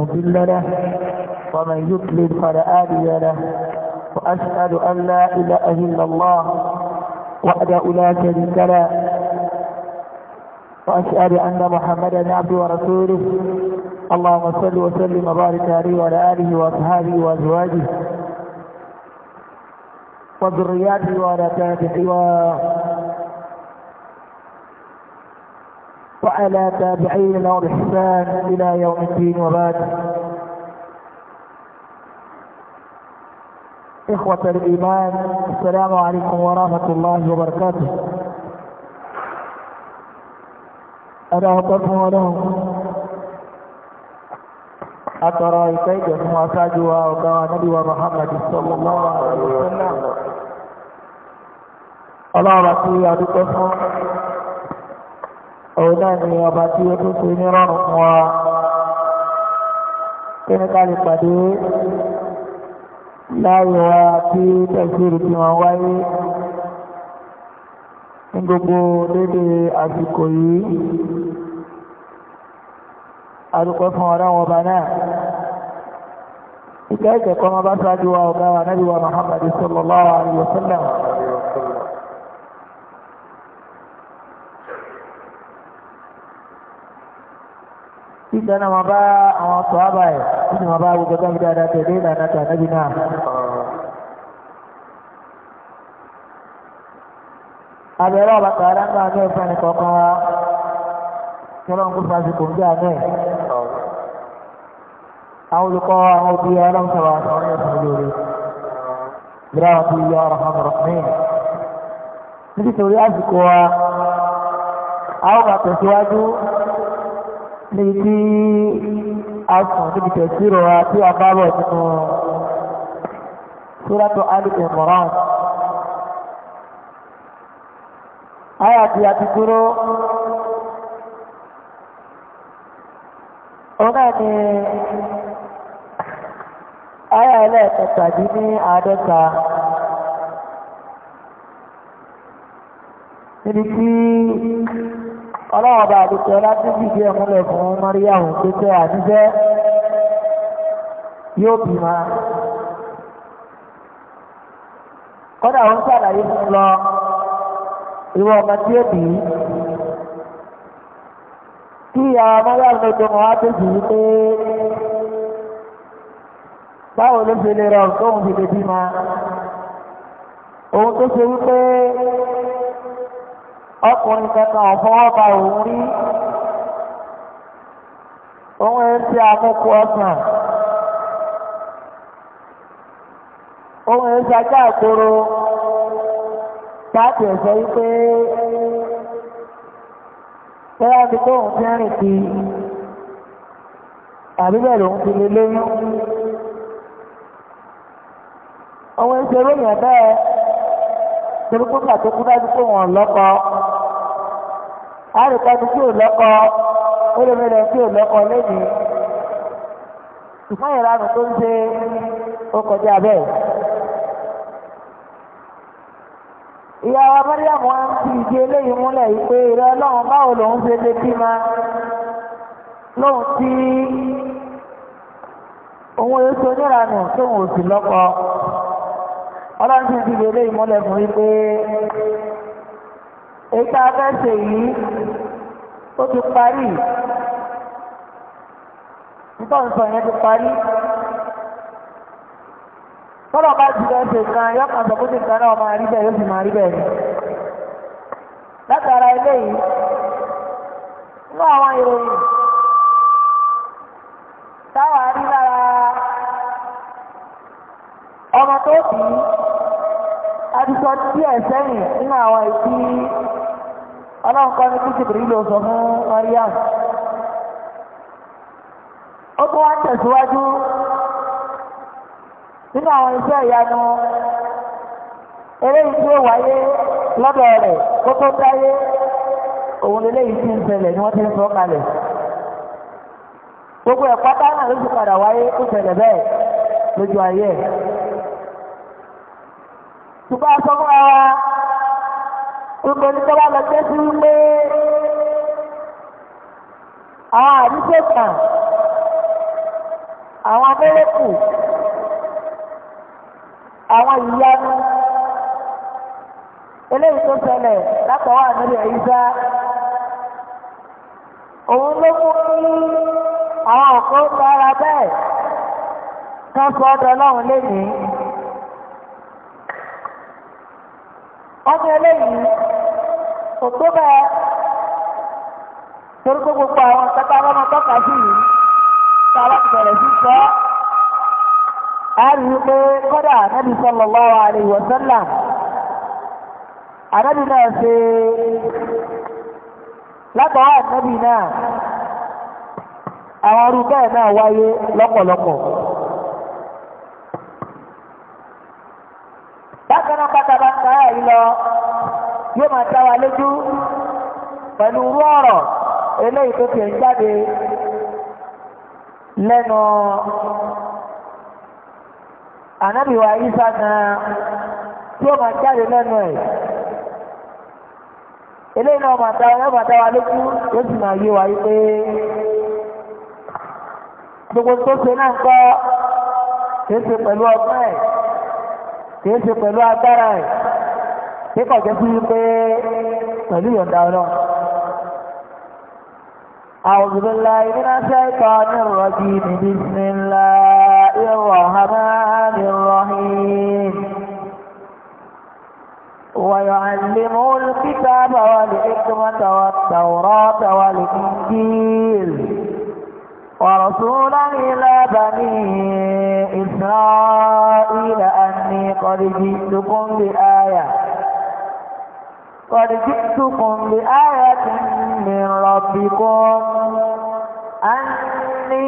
مضل له ومن يضلل فلا هادي له واشهد ان لا اله الا الله وحده لا شريك له واشهد ان محمدا عبده ورسوله اللهم صل وسلم وبارك عليه وعلى اله واصحابه وازواجه وذرياته وعلى تابعه وعلى تابعين والإحسان إلى يوم الدين وبعد إخوة الإيمان السلام عليكم ورحمة الله وبركاته أنا أطلبهم ولهم أترى إليك ثم أساجها وكما نبي محمد صلى الله عليه وسلم الله أكبر الله òun náà ni ọba tí ó tún ṣe ní rọrùn fún wa kí ní ká lè pàdé láàyè wa tí tẹ̀síìrì tí wọ́n wáyé ní gbogbo lédè àsìkò yìí adúpẹ́ fún ọ̀rẹ́ wọn ọba náà ìkẹ́ ìkẹ́kọ̀ọ́ wọn bá wa ọ̀gá wa nábì wa Muhammad sallallahu alaihi wa sallam ìtẹ́nà máa bá àwọn ọ̀tọ̀ àbá ẹ̀ kí ni máa bá gbogbo tó ń fi dáadáa tẹ̀lé ìlànà tàbí náà. abẹ́rẹ́ ọba tààrà náà ní ẹ̀fọ́ ní kọ̀ọ̀kan wa kí ọlọ́run kó fásitì ń jà náà. àwọn olùkọ́ àwọn òbí ọlọ́run sọ̀rọ̀ àwọn ọ̀rẹ́ ẹ̀sìn lórí. ìdáwọ̀ tó yọ ọ̀rọ̀ hàn rọ̀ nítorí àsìkò wa àwọn bàtẹ̀ síwájú ní tí a sùn níbi tẹ̀síro wa tí a bá bọ̀ nínú Suratu Ali Imran. Aya tí a ti dúró ọ̀nà ni aya ẹlẹ́ẹ̀kẹtàdí ní àádọ́ta níbi tí ọlọ́ọ̀bà àdìsẹ́ láti fìdí ẹ̀ múlẹ̀ fún Mariam pípẹ́ àníṣẹ́ yóò bì máa kọ́dà ń sàlàyé fún lọ ìwọ ọmọ tí ó bì í kí ìyá Mariam lójú wọn á tẹ̀sí wípé báwo ló ṣe lè rọrùn tóun fi lè bí máa ohun tó ṣe wípé ọkùnrin kankan ọ̀fọwọ́ ba rí ẹ̀ ń tí ọ̀sán ẹ̀ ń ṣajá àkóró ẹ̀sẹ̀ wípé tó ti rìn kí àbí ti lè lóyún ẹ̀ ń ṣe àrùkọ́ni tí ò lọ́kọ ó lè mẹ́lẹ̀ tí ò lọ́kọ lẹ́yìn ṣùgbọ́n ìranù tó ń ṣe ó kọjá bẹ́ẹ̀. ìyá wa mọ́ríàmù wa ń fi ìdí eléyìí múlẹ̀ yìí pé ìrẹ́ ọlọ́run báwo lòun ṣe lè bímọ lóhun tí òun èyí tó níranù tóun ò sì lọ́kọ ọlọ́run ti fi ìdí eléyìí múlẹ̀ fún yìí pé. èyí tá a yìí ó ti parí nítorí yẹn ti parí tọ́lọ̀ bá ti lọ kan yọ kan sọ fún ìkan náà máa rí bẹ́ẹ̀ yóò sì máa rí bẹ́ẹ̀ látara eléyìí inú àwọn ìròyìn táwa rí lára ọmọ tó àtìsọ díẹ̀ sẹ́yìn nínú àwọn ìdí ọlọ́nkọ́ ní kìsìbìrì ló sọ fún Mariam ó tún wá tẹ̀síwájú nínú àwọn iṣẹ́ ìyanu eléyìí tí ó wáyé lọ́dọ̀ rẹ̀ kó tó dáyé òun lélẹ́yìí tí ń ni wọ́n ti ń sọ kalẹ̀ gbogbo ẹ̀pátá náà ló ti padà wáyé bẹ́ẹ̀ lójú ayé ṣùgbọ́n aṣọ fún ara gbogbo ní tọ́lá lọ jẹ́ sí wípé àwọn àdúgbò kan àwọn abẹ́rẹ́kù àwọn ìyanu eléyìí tó ṣẹlẹ̀ látọwọ́ àmì ẹ̀yíṣá òun ló mú kí àwọn ọ̀kọ́ ń bára bẹ́ẹ̀ kan sọ ọdọ ọlọ́run lénìí. ọmọ eléyìí kò tó bẹ́ẹ̀ torí pé gbogbo àwọn tata ọlọ́mọ tọ́ka sí yìí tá a bá ti bẹ̀rẹ̀ sí sọ á rí i pé kódà Ànábì sallallahu alaihi wasallam Ànábì náà ṣe látọwọ́ Ànábì náà àwọn ọdún bẹ́ẹ̀ náà wáyé lọ́pọ̀lọpọ̀. yóò máa dá wa lójú pẹ̀lú irú ọ̀rọ̀ eléyìí tó tiẹ̀ ń jáde lẹ́nu ànábìwá Ìsá gan-an tí ó máa jáde lẹ́nu ẹ̀ eléyìí náà máa dá wa yóò máa dá wa lójú yóò sì máa yé wa yí pé gbogbo tó ṣe náà kọ́ kìí ṣe pẹ̀lú ọgbọ́n ẹ̀ kìí ṣe pẹ̀lú agbára ẹ̀ kíkọ̀ jẹ́ sí pé pẹ̀lú ìyọ̀ǹda ọlọ́run أعوذ بالله من الشيطان الرجيم بسم الله الرحمن الرحيم ويعلمه الكتاب والحكمة والتوراة والإنجيل ورسولا إلى بني إسرائيل أني قد جئتكم بآية قد جئتكم بآية من ربكم أني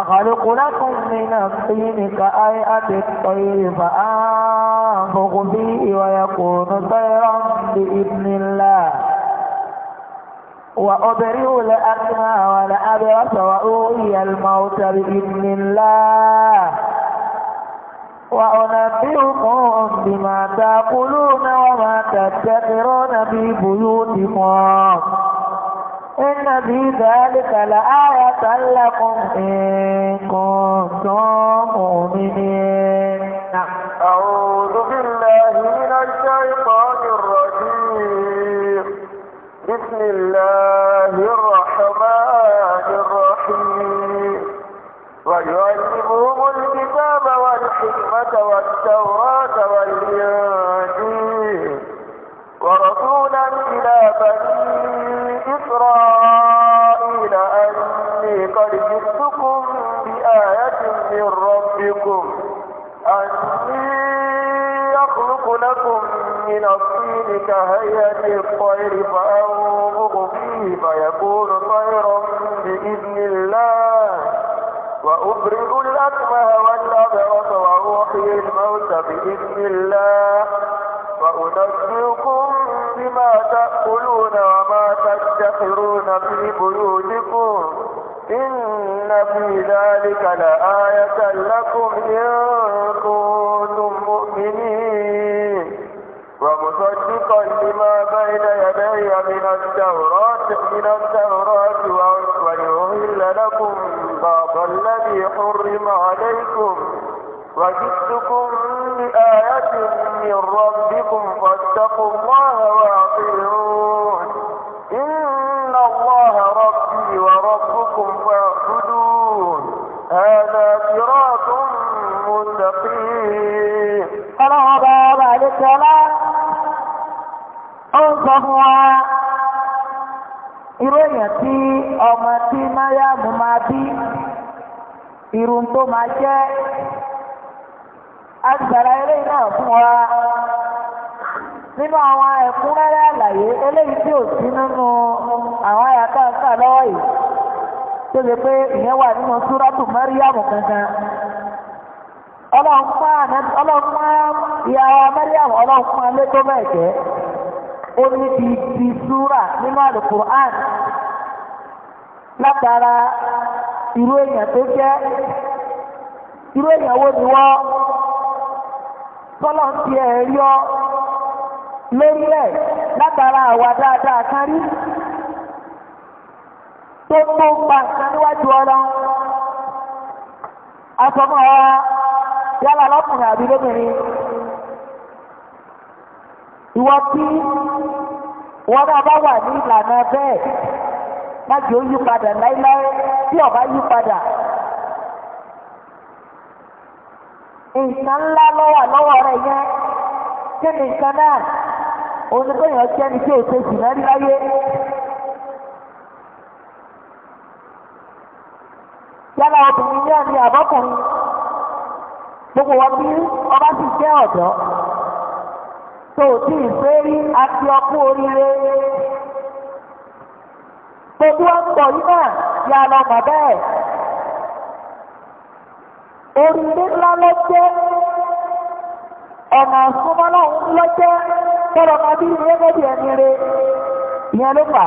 أخلق لكم من الطين كأيئة الطير فأنفق فيه ويكون طيرا بإذن الله وأبرئ الأكمى والأبرص وأوحي الموت بإذن الله وأنبئكم بما تأكلون وما تدخرون في بيوتكم إن في ذلك لآية لكم إن كنتم مؤمنين نعم. أعوذ بالله من الشيطان الرجيم بسم الله الرحمن الرحيم ويعلمهم الكتاب الحكمة والتوراة والإنجيل ورسولا إلى بني إسرائيل أني قد جئتكم بآية من ربكم أني أخلق لكم من الطين كهيئة الطير فأنفق فيه فيكون طيرا بإذن الله وأبرئ الأكمه والأبرص وأوحي الموت بإذن الله وأنبئكم بما تأكلون وما تدخرون في بيوتكم إن في ذلك لآية لكم إن كنتم مؤمنين ومصدقا لما بين يدي من التوراة من التوراة وأحل لكم الصراط الذي حرم عليكم وجئتكم بآية من ربكم فاتقوا الله وأطيعون إن الله ربي وربكم فاعبدون هذا صراط مستقيم irú èèyàn tí ọmọ tí máyàmù máa bí irun tó máa jẹ́ agbára eléyìí náà fún wa nínú àwọn ẹ̀kúnrẹ́rẹ́ àlàyé eléyìí tí ò sí nínú àwọn àyàká ńkà lọ́wọ́ yìí tó lè pé ìyẹn wà nínú súrọ́tù mẹ́ríàmù kankan ọlọ́run fún ìyàwó mẹ́ríàmù ọlọ́run fún ó ní bí súrà nínú àlùkùrán látara irú èèyàn tó jẹ́ irú èèyàn wo ni wọ́n tọ́lọ́ ti ẹ̀ rí ọ lórí ẹ̀ látara àwa dáadáa kan rí tó ìwọ tí wọn náà bá wà ní ìlànà bẹ́ẹ̀ má jẹ́ ó yí padà tí ọba yí padà nǹkan ńlá lọ́wọ́ lọ́wọ́ rẹ̀ yẹn kí ni nǹkan náà tí èsè jìnnà láyé. yálà obìnrin náà ni àbọ́kùnrin gbogbo wọn bí ọba sì jẹ́ ọ̀dọ́. tó o tí ì fẹ́ rí àti ọkú oríire gbogbo ọ̀pọ̀ yìí náà yà lọ mọ̀ bẹ́ẹ̀ oríire ńlá ló jẹ́ ọ̀nà súnmọ́lọ́hún ló jẹ́ tọ́lọ́ máa bí ilé méjì ẹni re ìyẹn ló fà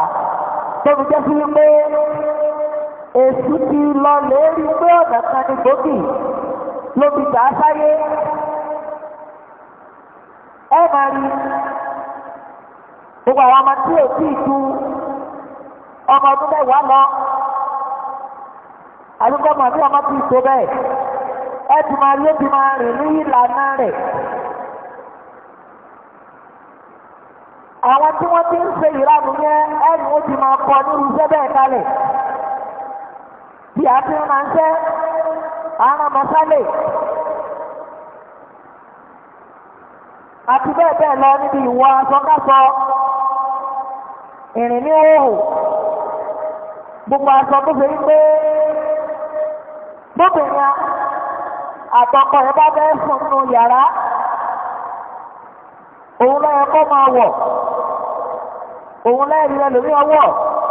tó fi jẹ́ sí pé èsì ti lọ lè rí pé ọ̀nà kan ní gbòógì ló fi dà á sáyé. ẹ máa rí gbogbo àwọn ọmọ tí lọ àdúgbò ọmọ tí ọmọ tí ì tó bẹ́ẹ̀ àwọn tí wọ́n ti ń ṣe ìranù yẹn ẹnu ó ma máa kọ nínú iṣẹ́ kalẹ̀ bí a ti ń àti bẹ́ẹ̀ bẹ́ẹ̀ lọ níbi ìwọ asọ́kásọ ìrìn ní òòrùn gbogbo aṣọ tó ṣe pé bóbìnrin àtọkọ ẹ bá bẹ́ẹ̀ fún nínú yàrá òun lẹ́yìn kó máa wọ̀ òun lẹ́yìn rẹ lórí ọwọ́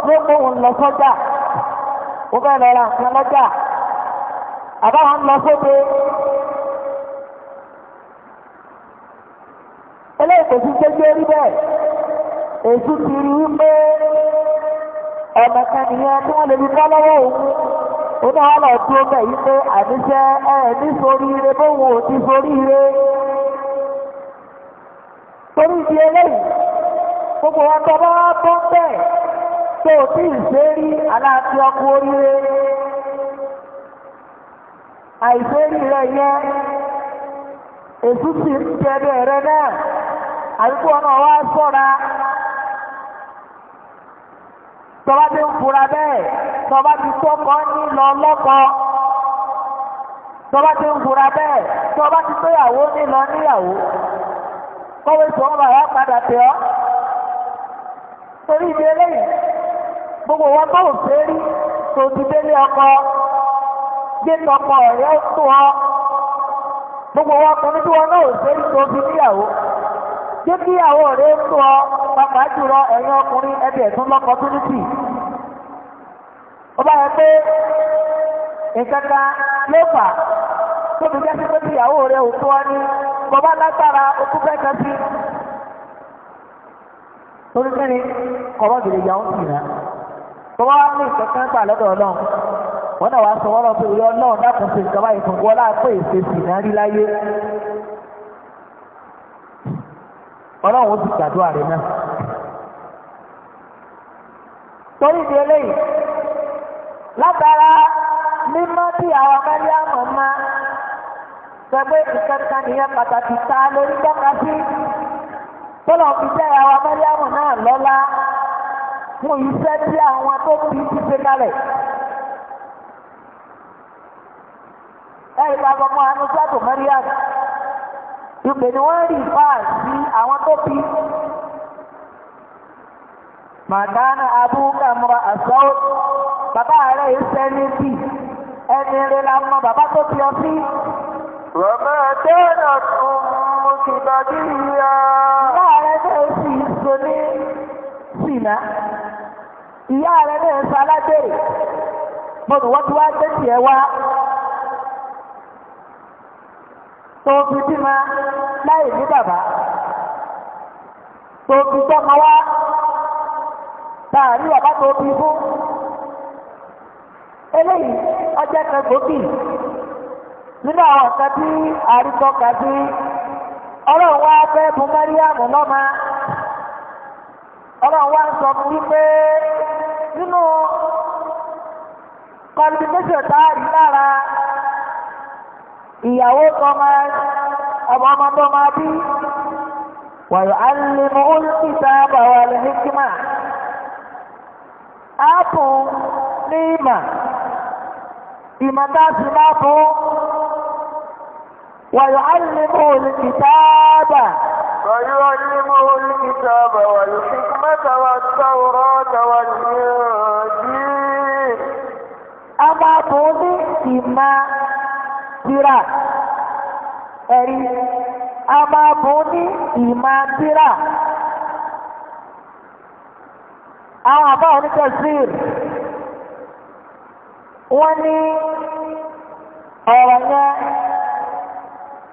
ló mú òun lọ sọ́jà ó bẹ́ẹ̀ lọ ra nǹkan lọ́jà àbáwọn lọ sóde. kò sí gbégbé rí bẹ́ẹ̀ èsì ti rí wípé ọ̀nà kan nìyẹn tí wọ́n lè fi bá lọ́wọ́ òun ó náà wà lọ́ọ́ dúró bẹ́ẹ̀ wípé àníṣe ẹ ní sórí ire bóun ò ti sórí ire torí ìdí eléyìí gbogbo wọn tó bá tó ń bẹ́ẹ̀ tó o tí ì ṣe rí aláàfin ọkọ oríire àìṣe rí rẹ yẹ èsì ti ń jẹ bẹ́ẹ̀ rẹ náà. àbíkú ọ̀nà wa sọ̀ra tọba ti ń fura bẹ́ẹ̀ tọ́ba ti ní lọ lọ́kọ tọba ti ń fura bẹ́ẹ̀ ti tóyàwó nílọ níyàwó kọ́wé tó padà tẹ̀ ọ́ torí ibi eléyìí gbogbo wọn bá rí ọkọ gbé tọkọ ọ̀rẹ́ tó ọ gbogbo wọn wọn náà tó débíyàwó rẹ̀ tó ọ pàápàá jùlọ ẹ̀yin ọkùnrin ẹbí lọ́kọ tó yẹ pé nǹkan lọ́fà tó fi jẹ́ pípé ìyàwó rẹ̀ ò sí torí kọ̀rọ̀ ìyàwó sì rà bọ́bá wá ní náà wọ́n lọ pé ìyọ́ náà dákun sí wọn ìfèsì náà rí ọlọ́run ti ṣàdúrà rẹ̀ náà. torí di eléyìí látara mímọ́ tí àwọn mẹ́líàmù máa sọ pé ìkẹta nìyẹn pàtàkì ta lórí tọ́ka sí tọ́lọ̀ fi jẹ́ àwọn mẹ́líàmù náà lọ́lá fún iṣẹ́ tí àwọn tó fi ti ṣe kalẹ̀. ẹ̀yìn bá gbọ́ mọ́ àánú sátò ipò ni wọ́n rí fáà sí àwọn tó bí màkánà abúkà mọ́ra àṣọ́ bàbá rẹ̀ iṣẹ́ níbi ẹni rẹ̀ la mọ bàbá tó bí ọ sí. Rọ̀mọ́ dẹ́nà tún mú kí bàbí yá. Ìyá rẹ̀ náà sì so tó fi bímọ láì ní bàbá tó wá tààrí bàbá tó fún eléyìí ọjọ́ kan nínú àwọn kan tí àríkọ́ka sí ọlọ́run wá fẹ́ fún mẹ́ríàmù lọ́mọ ọlọ́run wá ń sọ fún wípé nínú lára. ìyàwó tọmọ ọmọ tọmọ bí wàyọ̀ alẹ́mọ̀ olùkíta bàwà lẹ́hìnkìmá ápù ní ìmà ìmọ̀tá sí máa bú wàyọ̀ alẹ́mọ̀ olùkíta bà. ويعلمه الكتاب والحكمة والتوراة والإنجيل أما بني إما tíra ẹ̀rí a máa bùn ní ìmọ̀ tíra àwọn àbá onítẹ̀síìr wọ́n ní ọ̀rọ̀ yẹn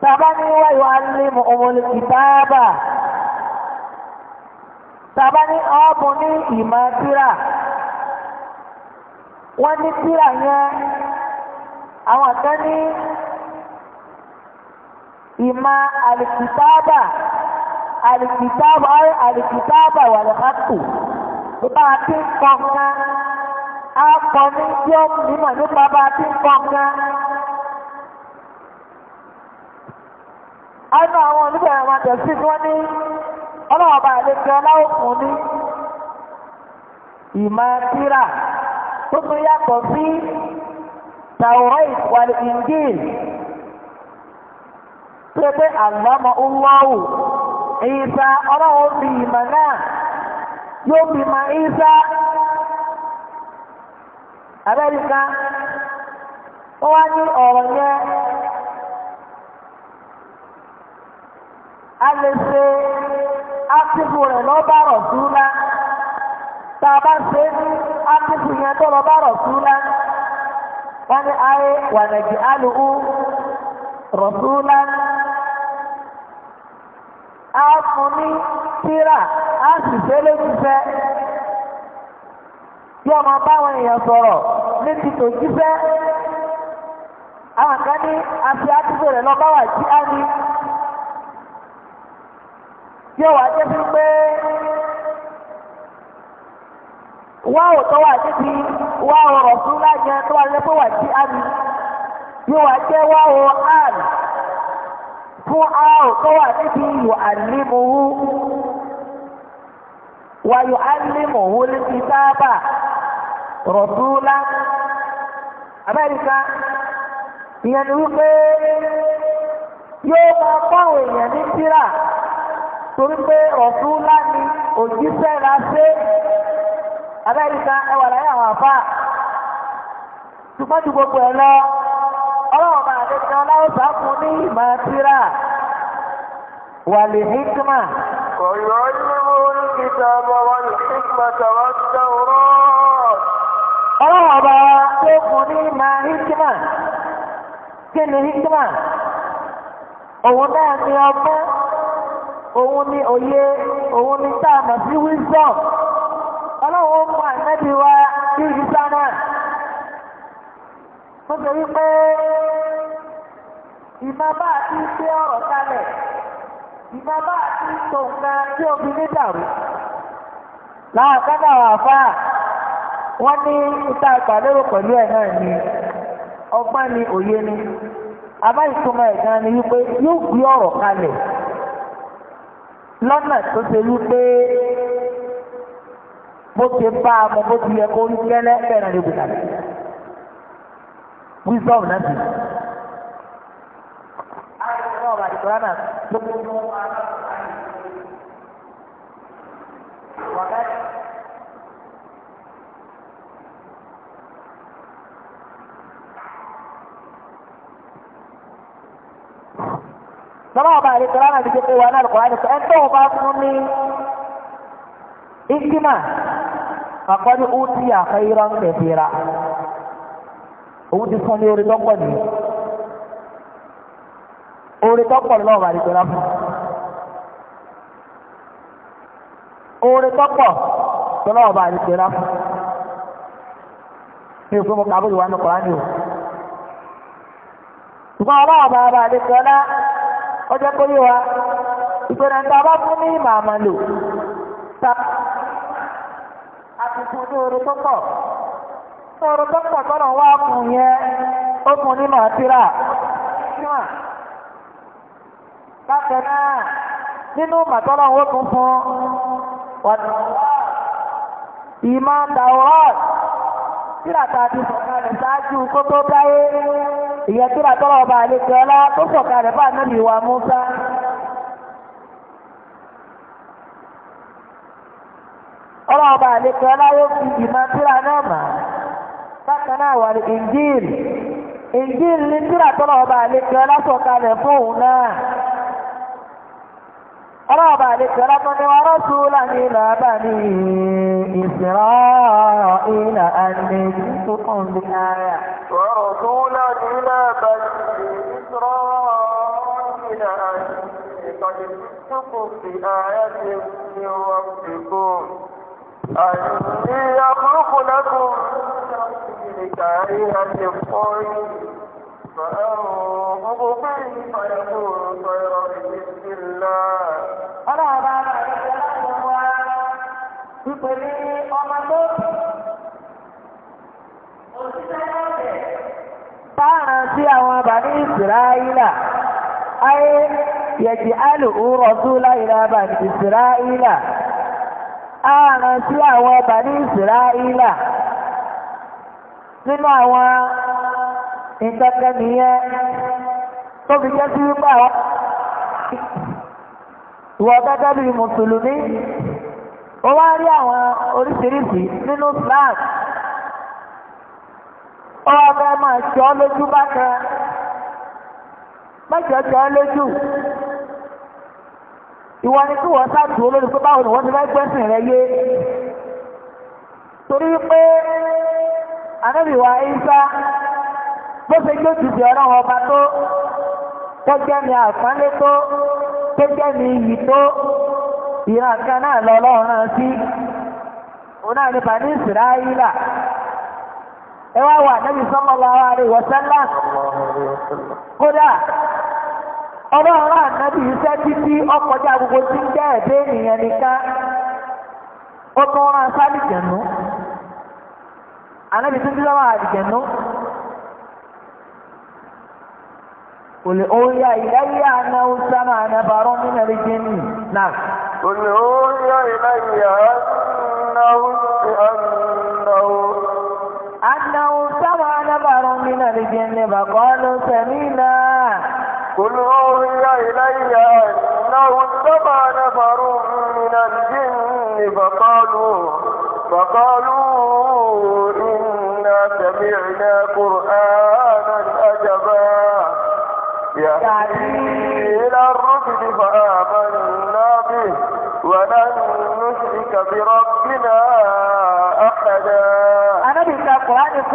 tàbá ní wáyé alímù òmòlù kìtàbà tàbá ní ọ́bùn ní ìmọ̀ tira. wọ́n ní tira yẹn àwọn ní. ima àlìkìtáàbà àlìkìtáàbà ọ̀rẹ́ àlìkìtáàbà wà lọ́kàtò tó bá a ti ń kọ́ nǹkan ní tí ó mímọ̀ nípa bá a ti ń kọ́ nǹkan. Àìnà àwọn olùbẹ̀rẹ̀ wọn tẹ̀sí ni wọ́n ní ọlọ́wọ́ba àlejò ọláwó fún ní ìmọ̀ tíra tó yàtọ̀ sí ìwàlẹ̀ tó pé àlámọ ńláwù ìsà ọlọ́run fi ìmọ̀ náà yóò fi mọ ìsà abẹ́ríkà wọ́n wá ní ọ̀rọ̀ yẹn a lè ṣe átìfù rẹ̀ lọ́ bá rọ̀ dúró tá a bá ṣe ní yẹn tó rọ̀ wọ́n wà nàìjíríà fún a tíra á sì ṣe lójúṣẹ́ ọmọ báwọn èèyàn sọ̀rọ̀ ní ti jíṣẹ́ àwọn kan ní afi àdúgbò rẹ̀ lọ báwà jí á ní tí ó wà jẹ́ sí pé wá ò tọ́ wà níbi wá wà fún ààrùn tó wà níbi yò àlímòwú wà yò àlímòwú níbi sábà rọ̀dúnlá amẹ́ríkà ìyẹn ni wípé yóò máa fáwọn èèyàn ní tíra torí pé rọ̀dúnlá ni òjíṣẹ́ la ṣe amẹ́ríkà ẹwà láyé àwọn àfáà ṣùgbọ́n ju gbogbo ẹ̀ lọ ọlọ́wọ́ bá nìkan aláìsà fún ní ìmọ̀ síra wàlẹ̀ hikma. ọ̀yọ́ ìlú oníkìtà bọ̀wọ̀ hikma tàwa tàwọ̀rọ̀. ọlọ́run ọba tó fún náà ni ọgbọ́n òun ni òye òun ni a sí wisdom ọlọ́run mú wa mo sọ ìmọ̀ bá a ti gbé ọ̀rọ̀ kalẹ̀ ìmọ̀ bá a ti tó nǹkan dàrú. láàkánná àwọn a, wọ́n ní ìta pẹ̀lú ẹ̀ náà ni ọgbọ́n ni òye ni àbá ìtumọ̀ ni wípé yóò gbé ọ̀rọ̀ kalẹ̀ lọ́nà tó ṣe wípé bó ṣe bá a mọ bó ti yẹ kó ń gẹ́lẹ́ Qur'ana gbogbo sọlọ́wọ́ bá rí Qur'ana ti jẹ́ pé wà náà Qur'ana sọ ẹni tó wọ́n bá fún ní ìgbìmọ̀ àkọ́ni ó ti àfẹ́ irọ́ ń tẹ̀síra òun ti fún ní orí lọ́pọ̀ nìyí oore tọ́pọ̀ lọ́wọ́ àdìgbò lápò oore tọ́pọ̀ lọ́wọ́ àdìgbò lápò ní òfin mo kàbọ̀ ìwà nìkan ní o ṣùgbọ́n ọlọ́wọ́ bàbá àdìgbò ọlá ó jẹ́ kó yé wa ìgbéra ń ta bá fún ní màmá lò ta àti ní oore tọ́pọ̀ oore tọ́pọ̀ tọ́nà wá fún yẹn ó fún ní màá bákan náà nínú màtọ́lọ́ wọn tún fún ọ̀dọ̀ ìmọ̀ dàwọ́t tíra ti sọ̀kalẹ̀ ṣáájú kó tó dáyé ìyẹn tíra ọba àlejò ọlá tó sọ̀kalẹ̀ bá nàbì wa Musa. ọlọ́ọ̀bà àlejò yóò fi ìmọ̀ tíra náà mà bákan náà wà ní Injil Injil ní ọba àlejò ọlá رب ذكركم ورسولا إلى بني إسرائيل أني جئتكم بالآية ورسولا إلى بني إسرائيل أني قد جئتكم بآية من ربكم أني يخلق لكم كارهة الطير فأنفق فيه فيكون خير بإذن الله táàràn sí àwọn bàní ìsìráìlà ayé yẹ̀jì alùhù rọ̀súlá ìlà bàní ìsìráìlà ààràn sí àwọn bàní ìsìráìlà nínú àwọn ìkẹ́kẹ́ tó fi jẹ́ sí wípé àwọn gẹ́gẹ́ bí mùsùlùmí ó wá rí àwọn oríṣiríṣi nínú Islam ọbẹ̀ máa ṣọ́ lójú bákan mẹ́jọ ṣọ́ lójú ìwọ ni kí wọ́n sáàtù olórí pé báwo ni wọ́n ti rẹ yé torí pé ànábìwá ìsá bó ṣe jó jùdì ọba tó tó jẹ́ ni àpánlé ìran kan náà lọ sí òun náà ní ẹ wá wà Nabi sallallahu alaihi wa sallam kódà ọlọ́run rà Nabi iṣẹ́ títí ọkọjá gbogbo tí ń ọ ẹ̀dẹ́ ènìyàn nìkan ó tún rán sálìjẹ̀nú ànábì tún ti lọ́wọ́ àdìjẹ̀nú قل أوحي إلي أنه سمع نفر من الجن na قل na إلي أنه أنه أنه سمع نبر من الجن فقالوا سمينا قل أوحي إلي أنه سمع نبر من الجن فقالوا فقالوا إنا سمعنا قرآنا أجبا يهدي إلى الرشد فآمنا به ولن نشرك بربنا أحدا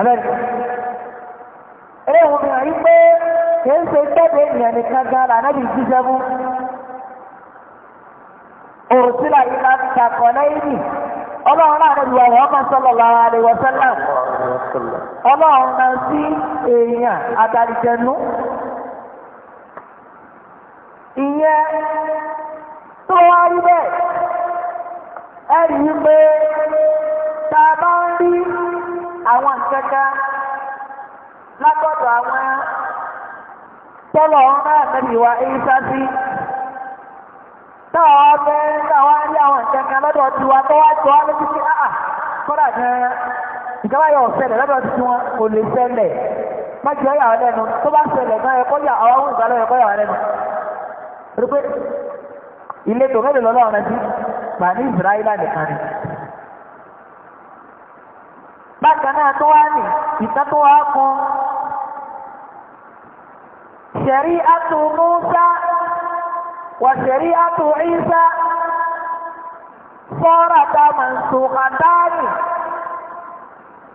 amẹ́ríkà eré wọn fi hàn yí pé kìí ṣe jáde ènìyàn nìkan gan la anábì jíṣẹ́ òrùsílà yìí máa ń takọ̀ lẹ́yìn nì ọlọ́run náà lè wà wọ́n máa lára rẹ̀ wọ́n sẹ́lá ọlọ́run náà sí èèyàn àtàlìjẹnu ìyẹn tó wá rí àwọn tọ́lọ̀ ọ̀rọ̀ àtẹ́bí wa ìsá sí táwọn ọmọ àwọn arí àwọn ìkẹ́kẹ́ lọ́dọ̀ tí wa tó wá lójú sí àà kọ́dà gan-an ìjọba yọ ọ̀sẹ̀lẹ̀ lọ́dọ̀ tí wọn kò lè lẹ́nu tó bá gan ẹ̀kọ́ yà ìgbàlọ́ ẹ̀kọ́ yà lẹ́nu rí pé ilé tó mẹ́lẹ̀ lọ́lọ́ ọ̀rẹ́ sí ní nìkan ni bákan náà tó wá nì ìtàn tó wá شريعة موسى وشريعة عيسى صارتا منسوختان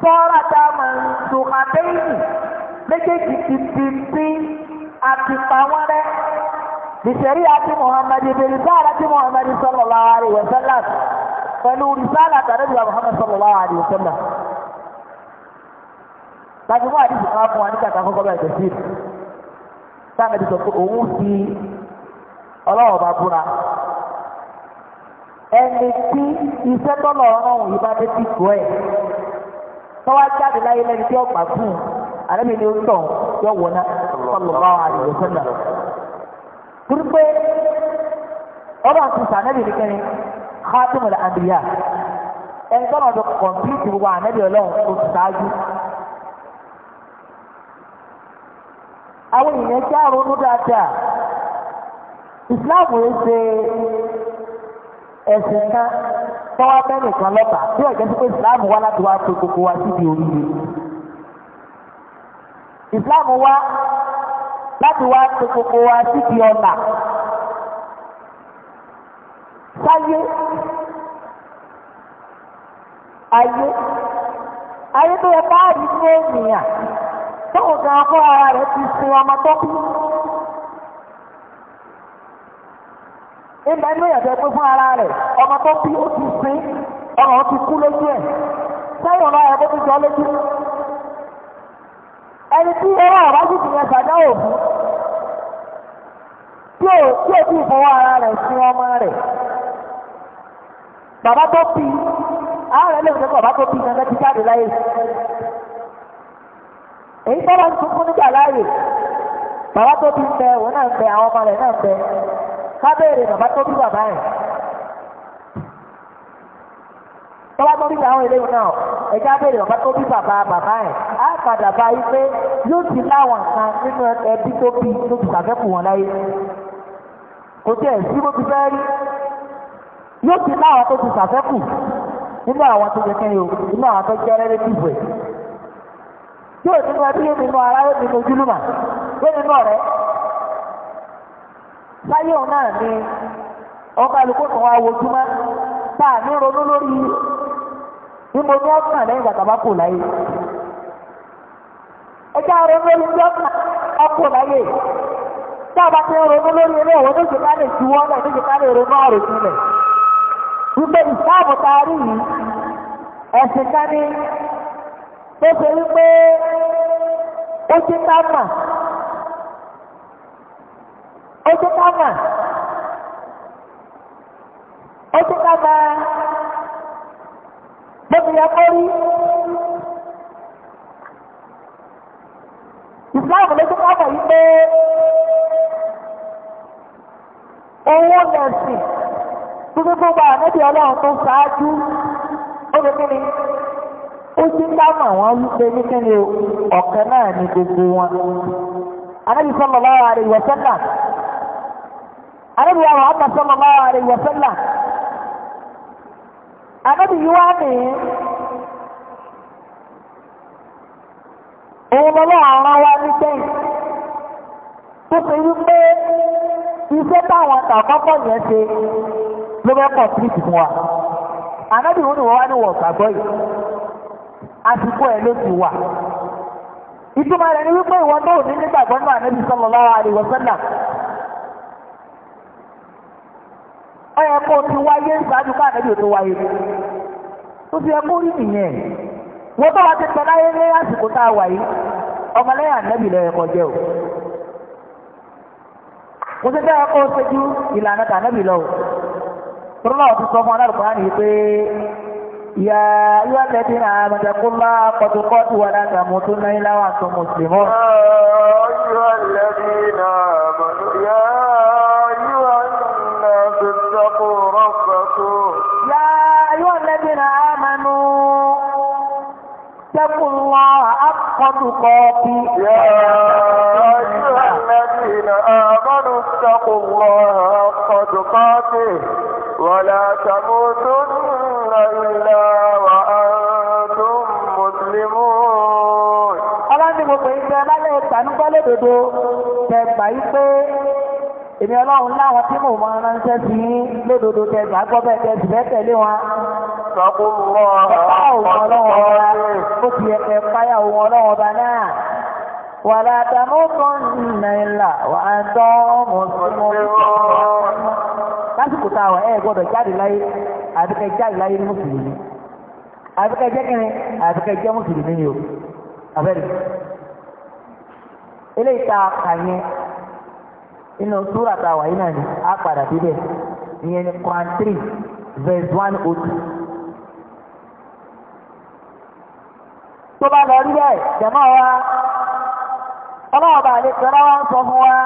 صارتا منسوختين méjèèjì ti ti ti àti pàwọn rẹ bìsẹ̀rí àti muhammadu bìrìsáàlà àti muhammadu sallallahu alaihi wa sallam pẹ̀lú rìsáàlà àtàrẹ́bìyà muhammadu sallallahu alaihi wa sallam. láti mú àdìsí kan fún wa ní kàkà fún gọ́bẹ̀ẹ́ tẹ̀síìlì sáàmì ti sọ pé òun fi ọlọ́wọ́ bá búra ẹni tí iṣẹ́ tọ́lọ̀ ọ̀rọ̀hún yìí bá dé ti kọ́ ẹ̀ tọ́wá jáde láyé lẹ́ni tí ọgbà fún un àlẹ́ mi ni ó tọ̀ yọ wọ̀ ná sallallahu alaihi wasallam. torí pé ọlọ́run ti sànẹ́bì nìkẹ́ni khatimul anbiya ẹni tọ́lọ̀ ọ̀dọ̀ kọ̀ǹpútì wà ànẹ́bì ọlọ́run tó ṣáájú. àwọn èèyàn ṣá ronú dáadáa islam yìí ṣe ẹ̀sìn kan tọ́wọ́ bẹ́ẹ̀ nìkan lọ́ta tí ọ̀jẹ́ sí pé islam wá láti wá pé gbogbo wa síbi oríire islam wá láti wá pé gbogbo wa síbi ọ̀nà sáyé ayé ayé tó yẹ káàdì fún ènìyàn. gan fún ara rẹ̀ ti sin ọmọ tó kú. ìgbà inú ìyàtọ̀ pé fún ara rẹ̀ ọmọ tó kú ó ti sin ọmọ ti kú lójú ẹ̀ sẹ́yìn ọ̀nà ẹ̀ ti jọ lójú. ẹni tí ẹwà ọ̀rá ti yẹn sàdá òbí tí ò tí ò tí fọwọ́ ara rẹ̀ sin ọmọ rẹ̀ bàbá tó lè bàbá tó jáde láyé. èyí sábà ń sunkún nígbà láàyè bàbá tó bí ń bẹ òun náà ń bẹ àwọn ọmọ rẹ̀ náà ń bẹ kábéèrè bàbá tó bí bàbá yẹn. tọ́lá tó bí àwọn eléyìí náà ẹ̀já béèrè bàbá tó bí bàbá bàbá yẹn á padà bá yí pé yóò ti láwọn kan nínú ẹbí tó bí tó ti sàfẹ́kù wọn láyé kò tí ẹ̀ sí bó ti fẹ́ rí yóò ti láwọn tó ti sàfẹ́kù nínú àwọn tó jẹ́ kẹ́yìn o nínú àwọn tó jẹ́ rẹ́rẹ́ yóò nínú ẹbí yóò nínú ara yóò nínú ojúlùmọ̀ yóò nínú ọ̀rẹ́ láyé òun náà ni ọba alùpùpù wa wojúmọ́ tá a ní ronú lórí ní ìgbà tàbá tó ṣe wípé ó ti ká mà ó ti ká mà ó ti ká mà bó ti yẹ kó rí ìsìláàmù ló gbogbo àmì ìdí ọlọ́run tó ṣáájú ó lè ó ti ń dámọ̀ àwọn olùgbé ní kíni ọ̀kẹ́ náà ní gbogbo wọn. Anábì sallallahu alaihi wa sallam. Anábì wa Muhammad sallallahu alaihi wa sallam. Anábì yìí wá ní òun lọ́wọ́ àwọn wa ní sẹ́yìn. Tó fi pé iṣẹ́ táwọn àkọ́kọ́ yẹn ṣe ló pọ̀ sí wa. Anábì ni wọ́n wá ní wọ̀ọ̀sà gbọ́ yìí. àsìkò ẹ̀ ló ti ìtumọ̀ rẹ̀ ni wípé ìwọ náà ní nígbàgbọ́ náà níbi yẹ kó o ti wáyé ìsáájú ká ànábì ò ti wáyé ó nìyẹn wọ́n bá wa ti pẹ́ ní àsìkò tá a wà yìí kọjá o kò sí kó o ṣe ju ìlànà lọ o tó ti sọ fún يا أيها الذين آمنوا اتقوا الله حق تقاته ولا تموتن إلا وأنتم مسلمون يا أيها الذين آمنوا يا أيها الناس اتقوا ربكم يا أيها الذين آمنوا اتقوا الله حق تقاته يا أيها الذين آمنوا اتقوا الله حق تقاته ولا تموتن gbọ́ lódodo tẹ̀gbà yí pé èmi ọlọ́run láwọn tí mò ń mọ ránṣẹ́ sí lódodo tẹ̀gbà gbọ́ bẹ́ẹ̀ bẹ́ẹ̀ tẹ̀lé wọn. ẹ̀ka òun ọlọ́run ọba ó ti yẹ kẹ́ páyà òun ọlọ́run ọba náà. ولا تموتن إلا وأنتم مسلمون lásìkò tá a wà ẹ gbọ́dọ̀ jáde láyé àbíkẹ́ jáde láyé ní mùsùlùmí àbíkẹ́ jẹ́ àbíkẹ́ jẹ́ mùsùlùmí yìí o eléyìí tá a kà inú súrà tá a yìí náà ni a padà bíbẹ̀ ìyẹn ni Quran three verse one o oh two. tó bá lọ rí bẹ́ẹ̀ jẹ̀mọ́ wa ọlọ́ọ̀bà lè tẹ́lá wa sọ fún wa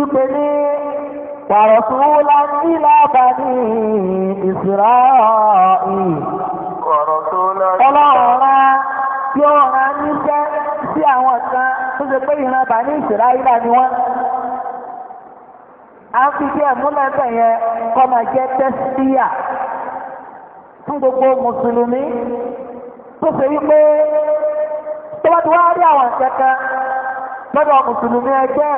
ìpè ní wàrọ̀sùwúlá nílá tó ṣe pé ìran bàní ìsìráìlà ni wọ́n a fi kí ẹ̀múlẹ̀ bẹ̀ yẹn kọ́ máa jẹ́ tẹ́síyà fún gbogbo mùsùlùmí tó ṣe wípé tó bá ti rí àwọn kẹ̀kẹ́ lọ́dọ̀ mùsùlùmí ẹgbẹ́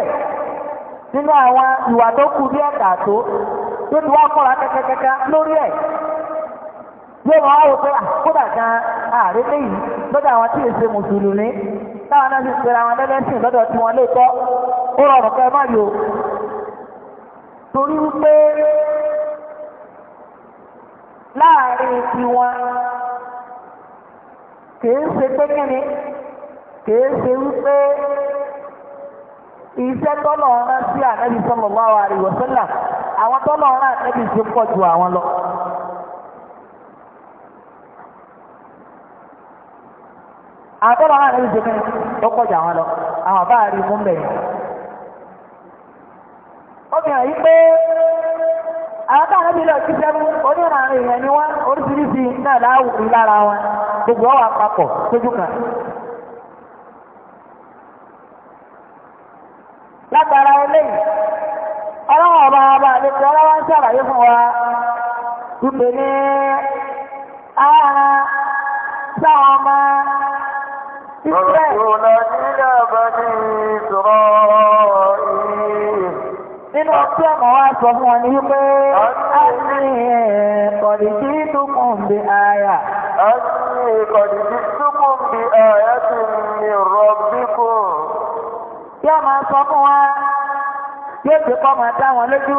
nínú àwọn ìwà tó kù bí ẹ̀dà tó tó ti wá kọ́ra kẹ́kẹ́kẹ́kẹ́ lórí ẹ̀ yóò máa wò pé àkódà ah, gan àárẹ̀ léyìí lọ́dọ̀ àwọn tí èsè táwọn náà sì pèrè àwọn ẹlẹ́sìn lọ́dọ̀ tí wọ́n lè kọ́ ó rọrùn kẹ́ mọ́ yìí torí wípé láàrin tiwọn kìí ṣe pé kìí wípé iṣẹ́ tọ́lọ̀ ọ̀rán sí àwọn tọ́lọ̀ ọ̀rán ṣe pọ̀ ju àwọn lọ. àtọ́lọ́ náà níbi jẹ́kẹ́ ó kọjá wọn lọ àwọn àbá rí mú mẹ́rin. ó fi pé àwọn táwọn níbi lọ sí sẹ́mu onírànà èèyàn ni oríṣiríṣi náà lára wọn gbogbo ọ̀wà papọ̀ sójú kan. látara eléyìí ọba ọba àlejò ọlọ́wọ́ ń fún wa wípé ní sáwọn ọmọ رسولا إلى بني إسرائيل nínú ọtí ọmọ wa sọ fún wọn ní wípé a ní kọ̀dìdì tókùn bí àyà. a ní kọ̀dìdì tókùn bí àyà ti ní rọ̀bíkù. tí a máa sọ fún wa yóò ti kọ́ máa dá wọn lójú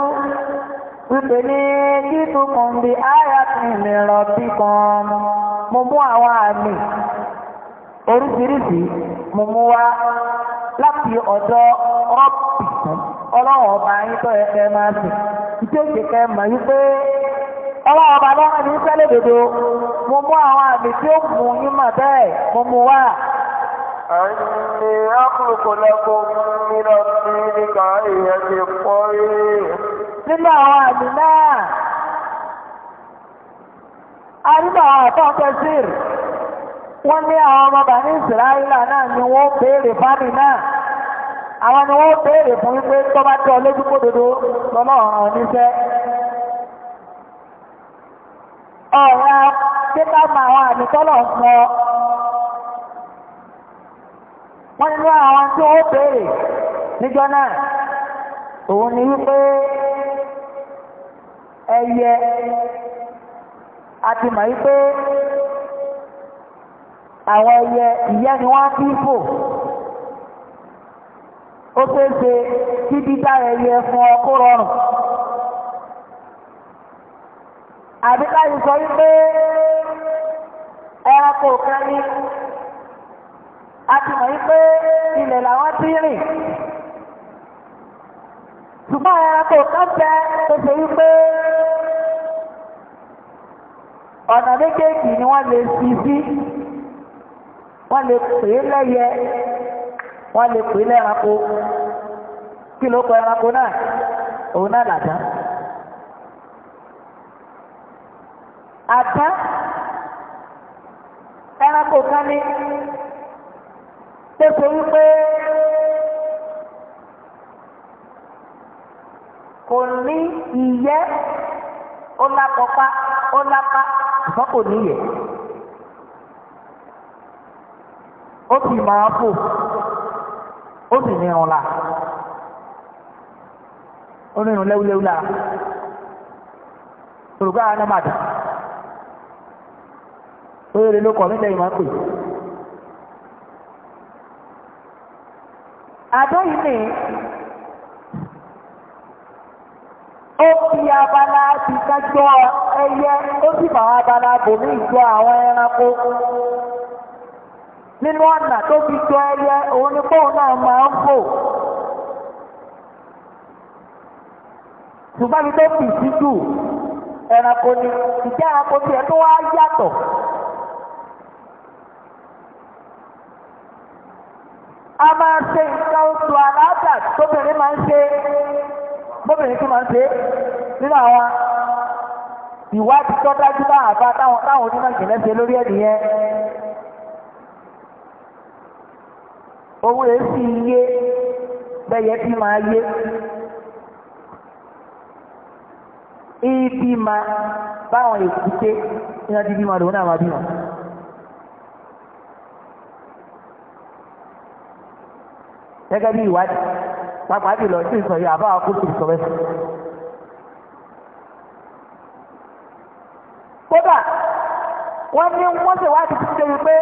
wípé ní kí tókùn bí àyà ti ní rọ̀bíkù mo mú àwọn àmì oríṣiríṣi mo mú wá láti ọ̀dọ̀ rọ́pì ọlọ́run ọba yín tó máa yí pé ọba lọ́rùn ní sẹ́lẹ̀ dòdò mo àwọn àmì tí ó mú yín mà bẹ́ẹ̀ nígbà ti pọ́ Nínú àwọn àmì náà, a nínú àwọn wọ́n ní àwọn ọmọ bàní ìsìláìlà náà ni wọ́n béèrè fáàmì náà àwọn ni wọ́n béèrè fún wípé tó bá tẹ́ lójú kódodo lọ́nà ọ̀ràn oníṣẹ́ ọ̀rọ̀ pípa mọ àwọn àmì tọ́lọ̀ sọ wọ́n nínú àwọn tí wọ́n béèrè ni wípé ẹyẹ àti wípé àwọn ẹyẹ ìyẹ́ ni wọ́n fi fò ó ṣeé ṣe kí dídá ẹyẹ fún ọ kó rọrùn àbí káyọ̀ sọ wípé ẹranko kan ní a ti mọ̀ wípé ilẹ̀ làwọn ti rìn ṣùgbọ́n ẹranko kan bẹ tó wípé ọ̀nà méjèèjì ni wọ́n lè fi sí wọ́n lè pè é lẹ́yẹ wọ́n lè pè é lẹ́ranko kí ló kọ ẹranko náà òun náà làdá. àdá ẹranko kan ní tó so wípé kò ní ìyẹ́ ó lápọ̀pá ó lápá ṣùgbọ́n kò níyẹ̀. ó sì máa fò ó sì ní ọ̀la ó ní irun lẹ́wúlẹ́wú la olùkọ́ àwọn ọmọ àdá ó yẹ ló kọ̀ nílẹ̀ ìmọ̀ pè. àdó yìí ni ó fi abala ti kájọ ẹyẹ ó sì máa abala bò ní ìjọ àwọn ẹranko. nínú ọ̀nà tó fi tó ẹyẹ òun ni pé náà máa ń fò ṣùgbọ́n ibi tó fi sí jù ẹranko ni ìjẹ́ ẹranko tiẹ̀ tó wá yàtọ̀. a máa ṣe nǹkan oṣù aláàbà tóbìnrin máa ń ṣe bóbìnrin tó máa ń ṣe nínú àwọn ìwádìí tó dájú bá àbá táwọn onímọ̀ ìjìnlẹ̀ ṣe lórí ẹ̀ nìyẹn. owó èsì yé bẹ́yẹ tí máa yé ibi ma báwọn èkúté ní wọ́n ti bí ma lòun náà máa bí wọn. gẹ́gẹ́ bí ìwádìí pàápàá jùlọ sí ìsọ̀yọ́ àbáwá kó sì sọ bẹ́sẹ̀. kódà wọ́n ní wọ́n ṣèwádìí títí débi pé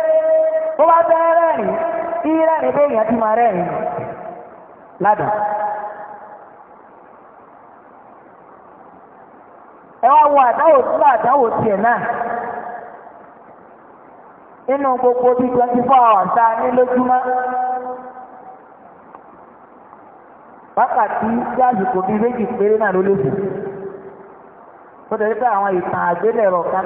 bẹ́ẹ̀ bẹ́ẹ̀ yẹn ti máa rẹ́rìn ládàá. wo àdáwò sílẹ̀ àdáwò tiẹ̀ náà nínú gbogbo bíi twenty four hours tá a ní lójúmọ́ wákàtí tí àsìkò bíi méjì péré náà ló ó tẹ̀lé pé àwọn ìtàn àgbélẹ̀rọ̀ kan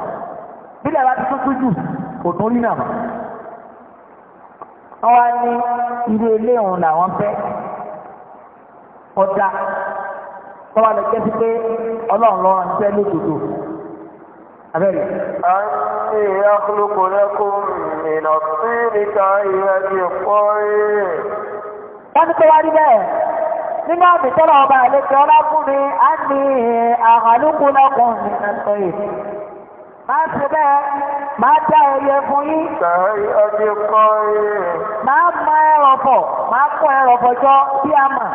bílẹ̀ bá ti tuntun jù kò tún rí náà mọ́ wọ́n wá ní irú ilé òun làwọn fẹ́ ọjà wọ́n wá lọ jẹ́ sí pé ọlọ́run lọ́rọ̀ ń tẹ́ lódodo abẹ́rẹ́. a ń ṣe àkọlùkọ lẹ́kùn ìnà sí níta ìyá ti pọ́ ẹ̀. wọ́n ti pé wá rí bẹ́ẹ̀ nínú àmì ọba àlejò ọlá fún ní àkọlùkọ lẹ́kùn ìnà sí Máa ṣe bẹ́ẹ̀, máa dá ẹyẹ fún yín. Ṣàyí ẹbí kọ́ yìí. Máa mọ ẹrọ̀fọ̀, máa kọ ẹrọ̀fọ̀ jọ bí a mà.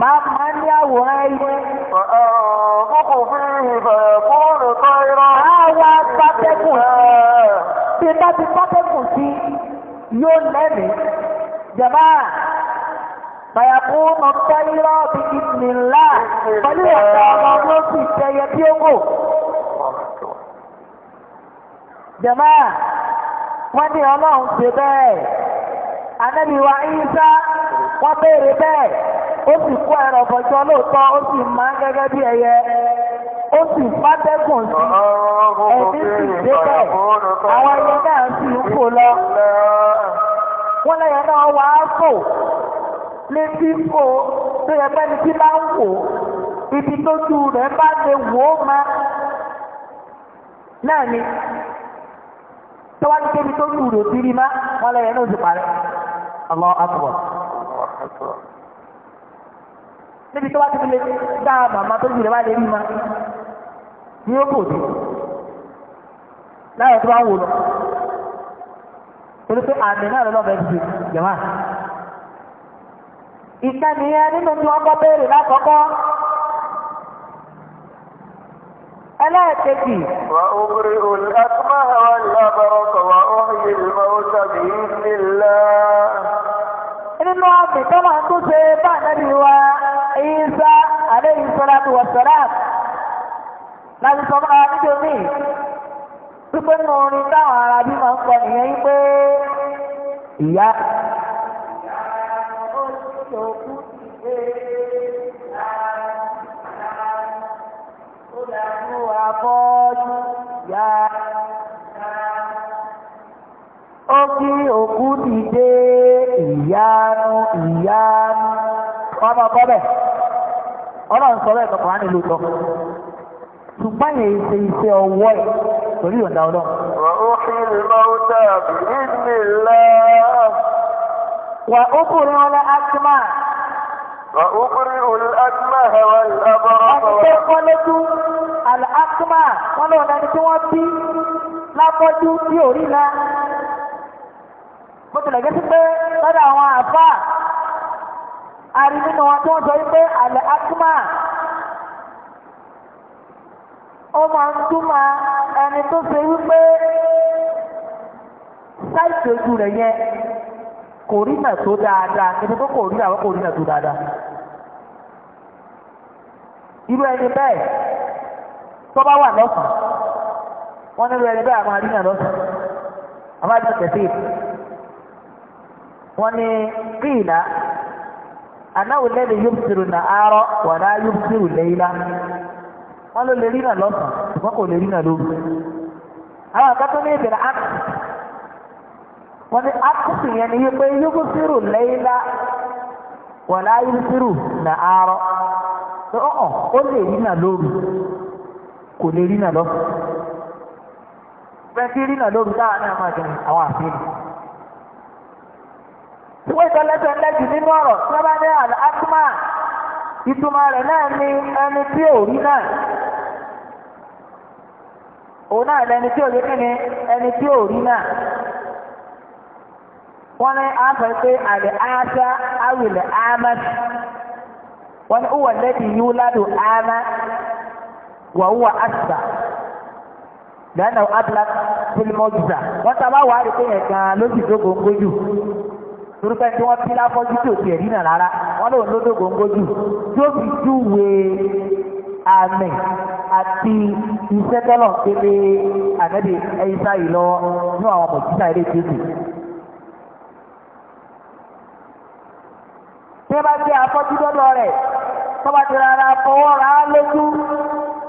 Máa mọ ní àwòrán ẹyẹ. Ọ̀kùnkù fi ìbẹ̀rẹ̀ fún nìkan irọ́. Máa wá pátákùn sí. Bí bá ti pátákùn sí, yóò lẹ́mìí. Jàmbá fàyàkùn ọ̀pẹ́ irọ́ bí ìsìnlá pẹ̀lú ọ̀dọ́ ọmọ ọmọ ó sì tẹyẹ tí ó kò. Jamaa, wọn ni ọlọ́run ṣe bẹ́ẹ̀ ànábì wa Ìsá wọ́n béèrè bẹ́ẹ̀ ó sì kó ẹ̀rọ bọ̀jọ́ lóòótọ́ ó sì máa ń bí ẹyẹ ó sì sí sì dé àwọn ẹyẹ náà sì ń kó lọ. wọ́n lẹ́yìn náà wà á fò létí fò tó yẹ ibi rẹ bá lè wò ó tọ́wá ti débi tó ní ìrò tí rí má wọ́n lẹ́yìn ní oṣù parẹ́ ọlọ́ àtọ̀bọ̀. níbi tọ́wá ti lè dá màmá tó jùlọ wá lè rí má ní ó kò dé láyọ̀ tó bá wò lọ. torí pé àmì náà lọ́nà bẹ́ẹ̀ ti jẹ̀má. ìkànnì nínú tí wọ́n kọ́ béèrè lákọ̀ọ́kọ́ ẹlẹ́ẹ̀kejì. wà ó bèrè olùkọ́ àwọn ìlàbọ̀rọ̀kọ̀ wà ó yẹ ìmọ̀ ó sàbí nílá. nínú àmì tó máa ń tó ṣe bá ànábì wa Ìsá alayhi salatu wa salam láti sọ fún wa nítorí wípé nínú orin táwọn ará bí máa ń kọ nìyẹn wípé ìyá. àfọ́jú yá. Ó kí òkú dìde ìyanu ìyanu. Wọ́n máa kọ́ bẹ̀. Ọlọ́run sọ bẹ́ẹ̀ tọkàn á nílò tọ́. Ṣùgbọ́n yẹn ṣe iṣẹ́ ọwọ́ ẹ̀ torí ìyọ̀ǹda ọlọ́run. Rọ̀hún ìlmọ̀ọ́ta bìí nílá. Wà ó kúrin ọlá Akímáà. وأبرئ الأكمه والأبرص الأكمه ولو نانتوان lápọ́jú tí ò rí la bó tilẹ̀ gẹ́sí pé lọ́dọ̀ àwọn àfa àrí kò rí nà tó dáadáa ibi tó kò rí àwọn kò rí nà tó dáadáa. irú ẹni bẹ́ẹ̀ tó bá wà lọ́sàn wọ́n nílò ẹni bẹ́ẹ̀ àwọn àdínà lọ́sàn àwọn àdínà tẹ̀sí wọ́n ní kíìlà anáwó lẹ́nu yóò sírù nà àárọ̀ wà náà yóò sírù lẹ́yìnlá wọ́n ló lè rí nà lọ́sàn ṣùgbọ́n kò lè rí nà lóru. àwọn àkàtúndé ìbẹ̀rẹ̀ áàkì wọ́n ní akúkú yẹn ni wípé yóò sírù lẹ́yìnlá wọ́n láyé sírù nà àárọ̀ tó ọ̀hún ó lè rí nà lóru kò lè rí nà lọ. bẹ́ẹ̀ rí nà lóru táwa náà máa jẹun àwọn àfihàn. ìwé ìtọ́lẹ́sẹ̀ lẹ́jù nínú ọ̀rọ̀ tí wọ́n bá ní àlùkùmá ìtumọ̀ rẹ̀ náà ni ẹni tí ò rí náà òun náà lẹni tí ò rí náà. wani aka ce al'asa awil amas wani uwa ladi yuladu ama wa uwa asba lẹ́nà na filimọ́júzà wọ́n sábà wà á rí pé ẹ̀gàn ló sì dógóńgó jù turupẹ tí wọ́n bí láfọjú tí ò tiẹ̀ dínà rárá wọ́n lòun ló tí ó fi júwe àmì àti iṣẹ́ tọ́lọ̀ kele ànábì ẹ̀yìn sáyì lọ nínú àwọn ilé tí wọ́n bá jẹ́ afọ́jú dọ́dọ̀ rẹ̀ tó bá ti rárá fọwọ́ rà á lójú.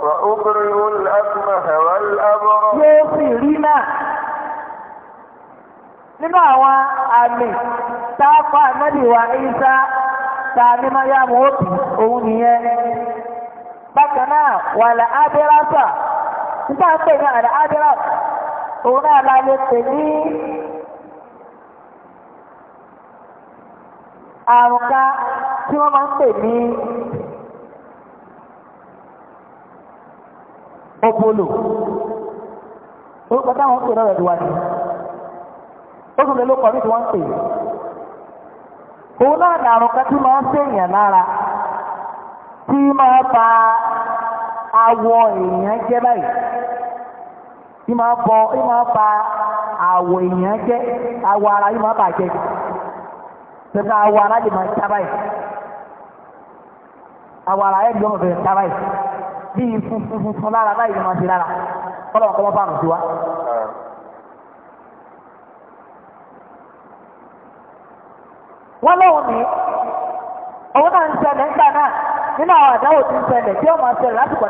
wà ó bẹ̀rẹ̀ ó lè ákùnmọ̀ ẹ̀rọ ìlàbọ̀rọ̀. yóò nígbà pé ní òun náà la lè àrùnká tí wọ́n máa ń pè ní ọpọlọ orúkọ táwọn pè náà ẹ̀dùn wa ni ó tún ló kọ́ ní tí wọ́n pè òun náà ní àrùnká tí máa ń ṣèèyàn lára tí máa ba awọ èèyàn jẹ́ báyìí awọ ara yìí máa bàjẹ́ pẹ̀lú àwọn aráàlú ma ń sábà yìí àwọn aráàlú ẹgbẹ́ ọmọbìnrin sábà yìí bí wọn bá rùn sí na náà ń ṣẹlẹ̀ nígbà náà nínú àwọn àdáwò tí ń ṣẹlẹ̀ tí ó máa ṣẹlẹ̀ lásìkò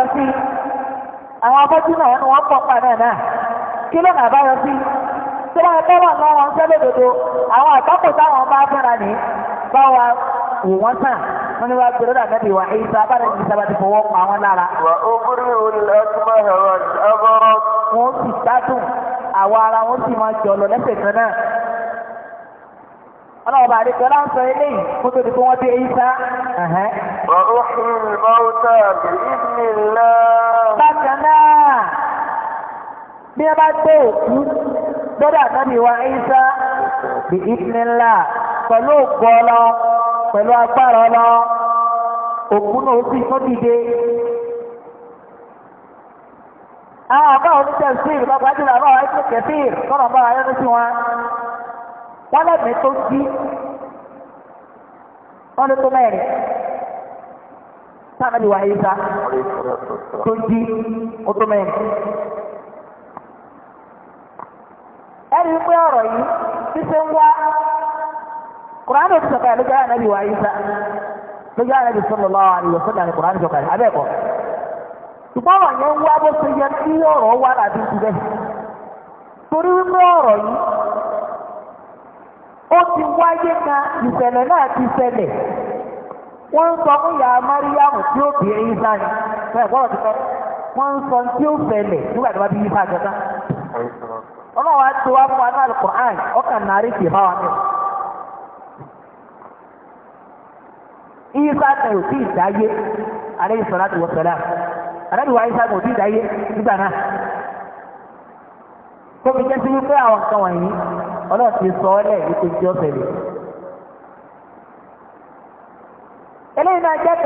ń nìyẹn àwọn abọ́jú náà ẹnu wọn pọ̀ pa náà náà kí ló nà báyọ̀ sí tí wọ́n ẹgbẹ́ wọn náà wọn ń sẹ́ lódodo àwọn àtọ́kù táwọn bá fẹ́ra ní bá wa wò wọ́n sàn wọ́n ní wá gbèrò dàbẹ́bí wa èyí tó abára ìdí sábà ti fọwọ́ pa wọn lára. wà ó búrí olè ẹgbẹ́ ẹ̀rọ ẹ̀rọ. wọ́n sì gbádùn àwọn ara wọn sì máa jọ lọ lẹ́sẹ̀ kan náà ọlọ́ọ̀bà àdìsẹ́ láń sọ eléyìí kó tó di pé wọ́n dé ìsá. ọ̀rọ̀hìn mọ́tà bìíní ńlá. bákan náà bí wọ́n bá gbé òkú lọ́dọ̀ àtàbí wa ìsá bìíní ńlá pẹ̀lú òkú ọlọ pẹ̀lú agbára ọlọ òkú náà ó sì tó dìde. àwọn àbáwọn oníṣẹ́ ìṣirò bá gbajúmọ̀ àbáwọn ẹgbẹ́ kẹfì kọ́nà bá ayọ́ ní tiwọn lálẹ́mí tó jí wọ́n ló tó mẹ́rin sáàmì wà ìsá tó jí ó tó mẹ́rin. ẹ̀rí pé ọ̀rọ̀ yìí ṣíṣe ń wá kùránì ti sọ̀kalẹ̀ ló jẹ́ ànábì wà ìsá ló jẹ́ ànábì sallallahu alaihi wasallam kùránì sọ̀kalẹ̀ abẹ́ẹ̀kọ́. ṣùgbọ́n ọ̀rọ̀ yẹn wá bó ṣe yẹ kí ọ̀rọ̀ wà láti ti torí wípé ọ̀rọ̀ yìí ó ti wáyé ka ìṣẹ̀lẹ̀ náà ti ṣẹlẹ̀ wọ́n ń sọ fún yàrá Mariam tí ó bí ẹyin sáyẹn bẹ́ẹ̀ gbọ́dọ̀ ti kọ́ wọ́n ń sọ tí ó ṣẹlẹ̀ nígbà tí wọ́n bí jọta. tó wá fún wa ọkàn nàárí kì í bá wa Isa tẹ̀ ò tí ì dáyé, alẹ́ ìsọ̀rọ̀ àti Isa ò tí ì dáyé nígbà tó fi jẹ́ àwọn nǹkan wọ̀nyí ọlọ́run sọ ọ́ lẹ̀ wípé tí ó eléyìí náà jẹ́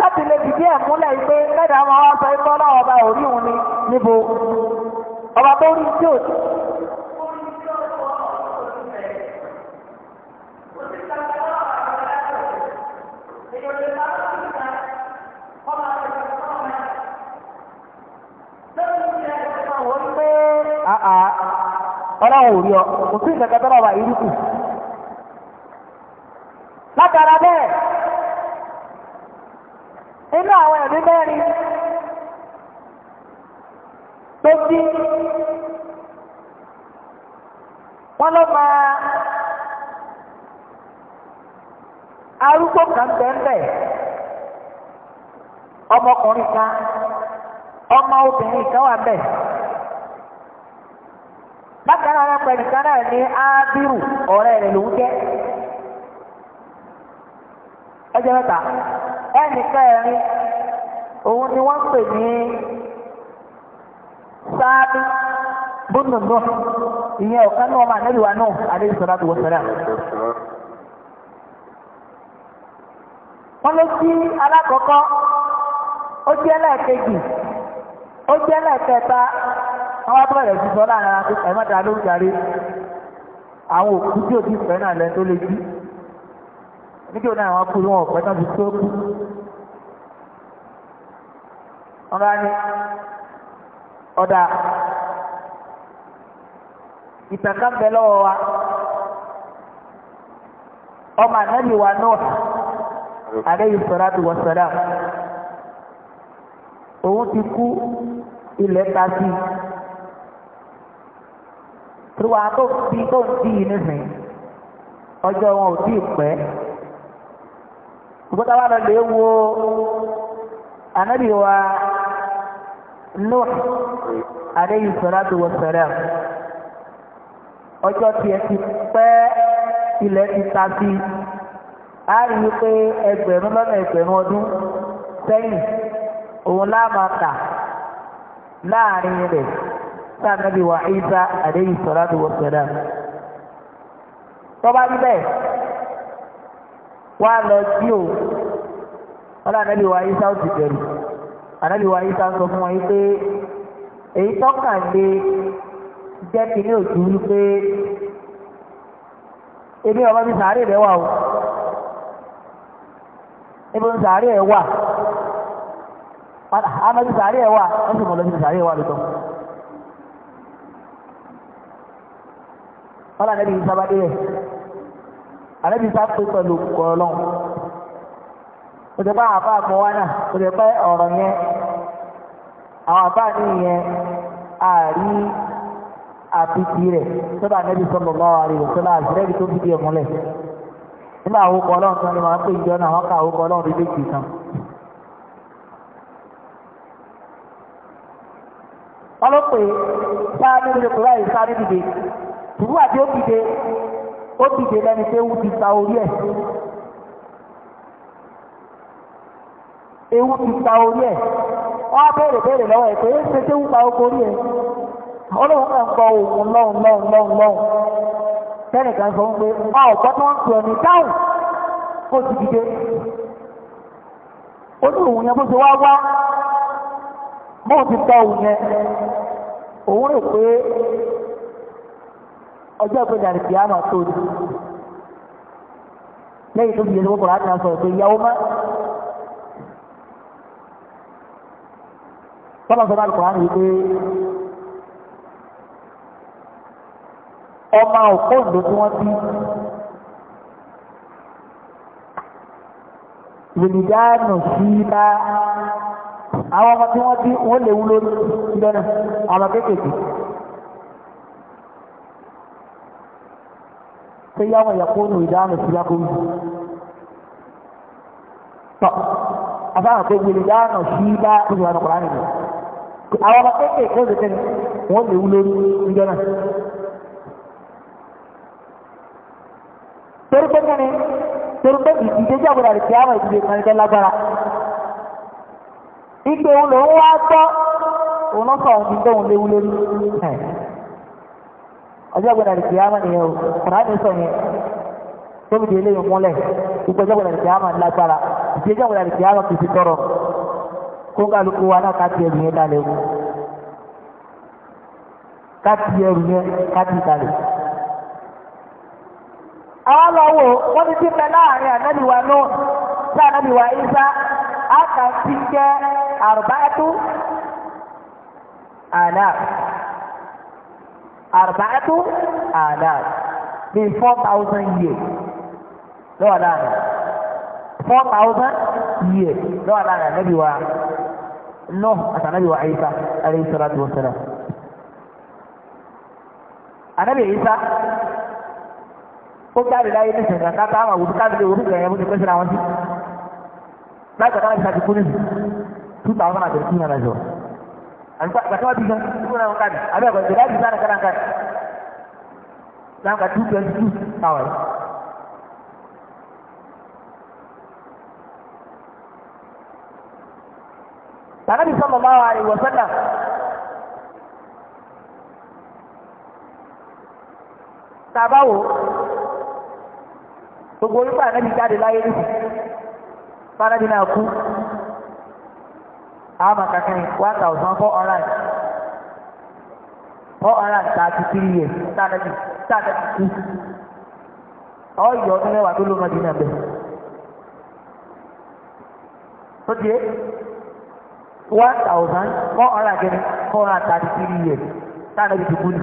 láti lè fìdí ẹ̀kúnlẹ̀ múlẹ̀ wípé àwọn ọlọ́sọ wá ikọ́ náà ọba òrí òun ni níbo ọba tó rí tí Thank you. ọlọ́run ò ọ kò sí ìkẹ̀kẹ́ tó lọ́ba yìí látara bẹ́ẹ̀ inú àwọn ẹ̀mí mẹ́rin tó sí wọ́n ló máa arúgbó kan bẹ́ẹ̀ ọmọkùnrin kan ọmọ obìnrin kan wà bẹ́ẹ̀. bákan ara wọn pẹ̀lú kan náà ní ábírù ọ̀rẹ́ rẹ̀ lòún jẹ́ ẹjẹ́ mẹ́ta ẹnì kẹrin òun ni wọ́n pè ní sáábì bùnùnù ìyẹn ọ̀kan náà máa àti wọ́n ló sí alákọ̀ọ́kọ́ ó àwọn abọ́rẹ̀ ti sọ láàrin ara pé ló ń jarí àwọn òkú tí ò ti fẹ́ náà lẹ́nu tó lè jí nígbà náà àwọn akúrú wọn ọ̀pẹ́ náà fi tó kú wọn bá ní ọ̀dà ìtàkà bẹ lọ́wọ́ wa ọmọ wa ti kú ilẹ̀ ta i. tiwa tó bí tó ń dí yìí nísìn ọjọ́ wọn ò tí pẹ́ lọ lè wo anabi wa Nuh alayhi salatu wa salam ọjọ́ ẹ ti pẹ́ ilẹ̀ ti ta sí a rí i pé ẹgbẹ̀rún lọ́nà ẹgbẹ̀rún ọdún sẹ́yìn òun láàmà láàrin rẹ̀. sáà nàbí wa Isa àdéhì sọ̀rọ̀ wa sọ̀rọ̀ tọ́ba níbẹ̀ wá lọ sí o wọ́n lọ ànábì wa Isa ó ti bẹ̀rù ànábì wa Isa sọ fún wọn yìí pé èyí tọ́ka jẹ́ ebi ọba mi sàárè rẹ wà o ebi mi sàárè ẹ wà ama wọ́n lànà ìbí sábà dé rẹ̀ àlẹ́bí sá pé pẹ̀lú kọ̀ọ̀lọ́n ó ti pẹ́ àbá àpọ̀ wá náà ó ti pẹ́ ọ̀rọ̀ yẹn àwọn àbá ní ìyẹn àrí àpìtì rẹ̀ sọ́dọ̀ àlẹ́bí sọ́lọ̀ lọ́wọ́ àríwọ̀ sọ́lá àṣírẹ́bí tó fi di ẹ̀múlẹ̀ nígbà àwọn ọkọ̀ ọlọ́run kan ni wọ́n pè ìjọ náà wọ́n ká àwọn ọkọ̀ ọlọ́run lórí èkì kan. wọ́n ló pè sáà níbi ìpínlẹ̀ sáà níbi ìdè tùbú àti ó dìde ó dìde lẹ́ni pé ewu ti ta orí ẹ̀ ewu ti ta orí ẹ̀ wọ́n á béèrè béèrè lọ́wọ́ ẹ̀ pé é ṣe tẹ́wù pa oko orí ẹ̀ ọlọ́run náà ń kọ òògùn lọ́hùn lọ́hùn lọ́hùn lọ́hùn tẹ́nìkan sọ pé a ò gbọ́ tí wọ́n ń pè ọ́ ní dáhùn ó ti dìde ó ní òun yẹn bó ṣe wá wá mọ́ ti ta òun yẹn òun rò pé ọjọ́ ìpínlẹ̀ àti kìámà tó di lẹ́yìn tó fi yẹ lọ́wọ́ kọ̀ọ̀rọ̀ àti àṣọ ìpè ìyàwó má. Tọ́lá sọ náà kọ̀ọ̀rọ̀ àti pé ọmọ òkòǹdó tí wọ́n bí lùmìdánù sí bá àwọn ọmọ tí wọ́n bí wọ́n lè wú lórí àwọn kéékèèké. sai yawon ya kono idanu su ya kuma to a sa akwai wilidano shi ba kuma wani ƙulani ne a wani ƙaƙe ko da kan wanda ya wulori inda nan torban ka ne torban ìdíje jàbùrà rẹ̀ kíáwà ìdíje kan jẹ́ lágbára ìgbéwò lòun wá gbọ́ òun náà sọ̀rọ̀ nígbà òun léwu ọjọ́ gbọ́dọ̀ àti kìámà nìyẹn o kùránì sọ yẹn tóbi délé yìí múlẹ̀ gbogbo ọjọ́ gbọ́dọ̀ àti kìámà lágbára ìdí ọjọ́ gbọ́dọ̀ àti kìámà kì í ti tọrọ kó ń kálukú wa náà ká ti ẹrù yẹn dalẹ̀ o ká ti ẹrù yẹn ká ti dalẹ̀. àwọn lọ wo wọn ti ti mẹ láàrin ànábìwá nù sí ànábìwá ìsá àrùbáàtú àdáà bíi four thousand years Lo láàrin four thousand years lọ́wọ́ láàrin ànábì wa Nuh àti ànábì wa Isa alayhi salatu wa salam. ànábì Isa ó jáde láyé ní sèǹkà káta àwọn àwùjọ káàbí lè orúkọ ẹ̀yẹ́ bó ti pèsè àwọn sí. láti ọ̀dọ́ àti sàkíkú nìyí two thousand and ga kawai bisa suna mun kadi abin ga guda bisa da kanan kai dan ka tuke su kawai Nabi sallallahu alaihi wasallam tabawo gbogbo orúkọ ànábì jáde láyé nìkú fárábì náà kú ama kakan 1400 433 years tàbí tàbí all ọyọ ọdún mẹ́wàá tó ló mọ dínà bẹ ó di one thousand four hundred and twenty four hundred years tàbí ti kú ni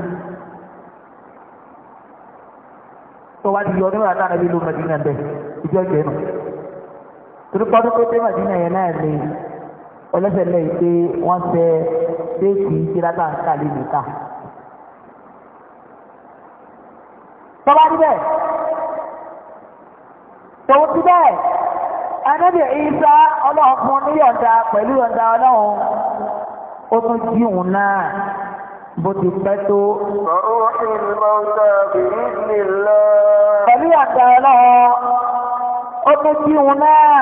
tó wá di ọdún mẹ́wàá tàbí ló mọ dínà bẹ ìjọ ìjọ náà torí pọ́ńtò pé pé mọ̀ yẹn náà lè. ẹlẹ́sẹ̀ lẹ́yìn pé wọ́n tẹ déèkì ìṣẹ́látà ń kàlẹ́ nìka. tọ́ba níbẹ̀ tòun ti bẹ́ẹ̀ anábì ìsá ọlọ́run fún níyọ̀ǹda pẹ̀lú yọ̀ǹda ọlọ́run ó tún jí òun náà bó ti pẹ́ tó. ọ̀rọ̀ pẹ̀lú yọ̀ǹda ọlọ́run ó tún jí òun náà.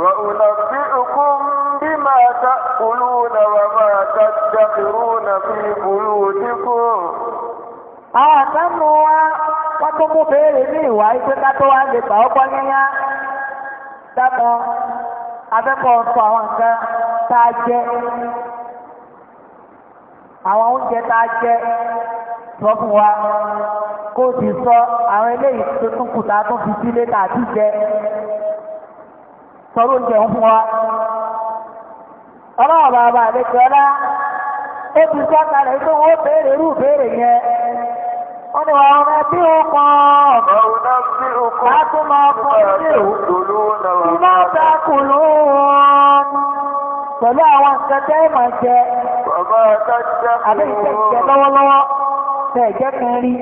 وأنبئكم بما تأكلون وما تدخرون في بيوتكم na wa wọ́n tún kátó wá sọ àwọn nǹkan tá a àwọn oúnjẹ tá a jẹ sọ fún wa kó o sì sọ àwọn eléyìí tó sọ̀rọ̀ oúnjẹ ń fún wa ọlọ́wọ́ bàbá àlejò ọlá ó ti sọ wọ́n béèrè irú béèrè yẹn wọ́n ní wọn ọmọ bí ó kàn láti máa fún ìlú iná dákù lóòrùn pẹ̀lú àwọn akẹ́kẹ́ ìmọ̀ jẹ àbẹ́ ìṣẹ̀jẹ̀ lọ́wọ́lọ́wọ́ bẹ́ẹ̀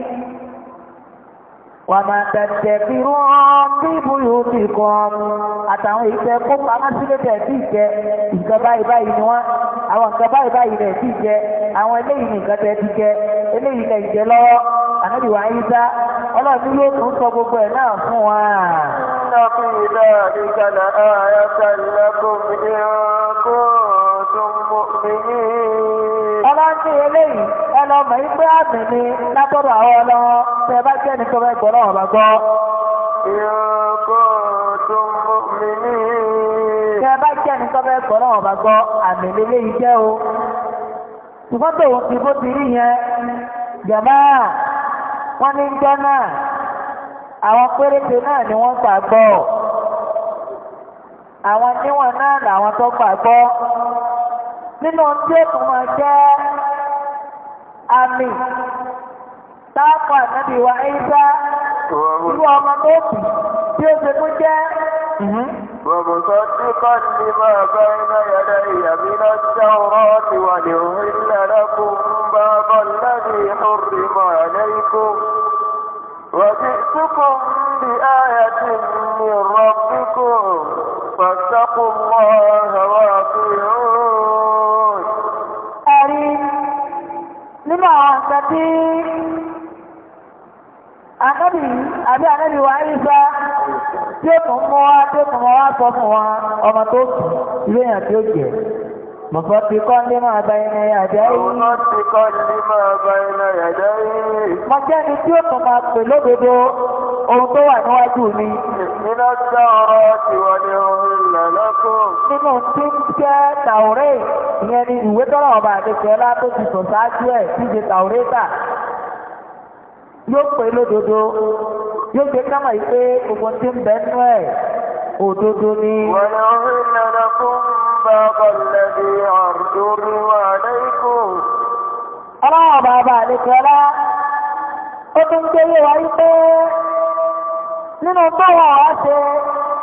wàmà tẹ̀tẹ̀ fi rán bíbù yóò fi kan àtàwọn ìfẹ́ kó pamọ́ sílé tẹ̀ sí ìjẹ nǹkan báyìí báyìí ni wọ́n àwọn nǹkan báyìí báyìí rẹ̀ sí ìjẹ àwọn eléyìí nìkan tẹ̀ ti jẹ eléyìí lẹ̀ jẹ lọ́wọ́ ànábì wà ń dá ọlọ́run yóò tún sọ gbogbo ẹ̀ náà fún wa. ọlọ́run ní eléyìí. lọ mọ̀ a pé àwọn ọlọ́wọ́ tẹ bá jẹ́ ní tó náà bá gbọ́. ìyọ̀kọ̀ tó mi ní. tẹ bá jẹ́ ní tó fẹ́ náà bá gbọ́ àmì o. ní ni níwọ̀n náà làwọn nínú tí àmì táàpù ànábì wa ẹ̀yíṣá irú ọmọ tó kù tí ó ṣe fún jẹ́. ومصدقا لما بين يدي من التوراة ولأهل لكم باب الذي حرم عليكم وجئتكم بآية من ربكم فاتقوا الله àwọn tí anábì àbí anábì wa ayíṣá tí ó tún mọ́ wá tí ó tún mọ́ wá sọ fún wọn ọmọ tó ilé yàn tí ó jẹ mọ̀fọ́ ti kọ́ ní máa bá iná yàjá yìí. tí ó tún máa pè lódodo ohun tó wà níwájú mi lọ́kọ̀. nínú tí ń jẹ́ tàwórẹ́ ìyẹn ni ìwé tọ́lọ̀ ọba àdékẹ́ ọlá tó ti sọ ṣáájú ẹ̀ tí ṣe tàwórẹ́ tà yóò pè lódodo yóò gbé kámọ̀ yìí pé gbogbo tí ń bẹ nú ẹ̀ òdodo ni. wọ́n ní ọ̀hún ìlànà fún bàbá lẹ́bi ọ̀dọ́rú àdáyíkò. ọlọ́wọ́ bàbá àdékẹ́ ọlá ó tún gbé yé wa pé nínú báwa wá ṣe.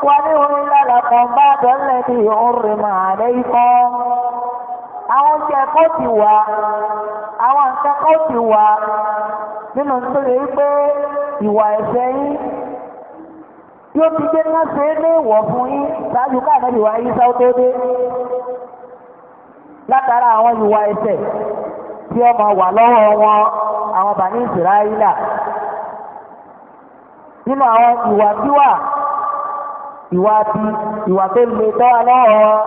وليهل لكم بعد الذي حرم عليكم àwọn oúnjẹ ẹ̀kọ́ ti wà àwọn akẹ́kọ̀ọ́ ti wà nínú tó pé ìwà yín ti gbé ní ìwọ̀ fún yín ṣáájú ìwà wọn àwọn bàní ìsìráyìlà nínú àwọn ìwà tí ìwà bí ìwà tó lè tọ́ aláwọ̀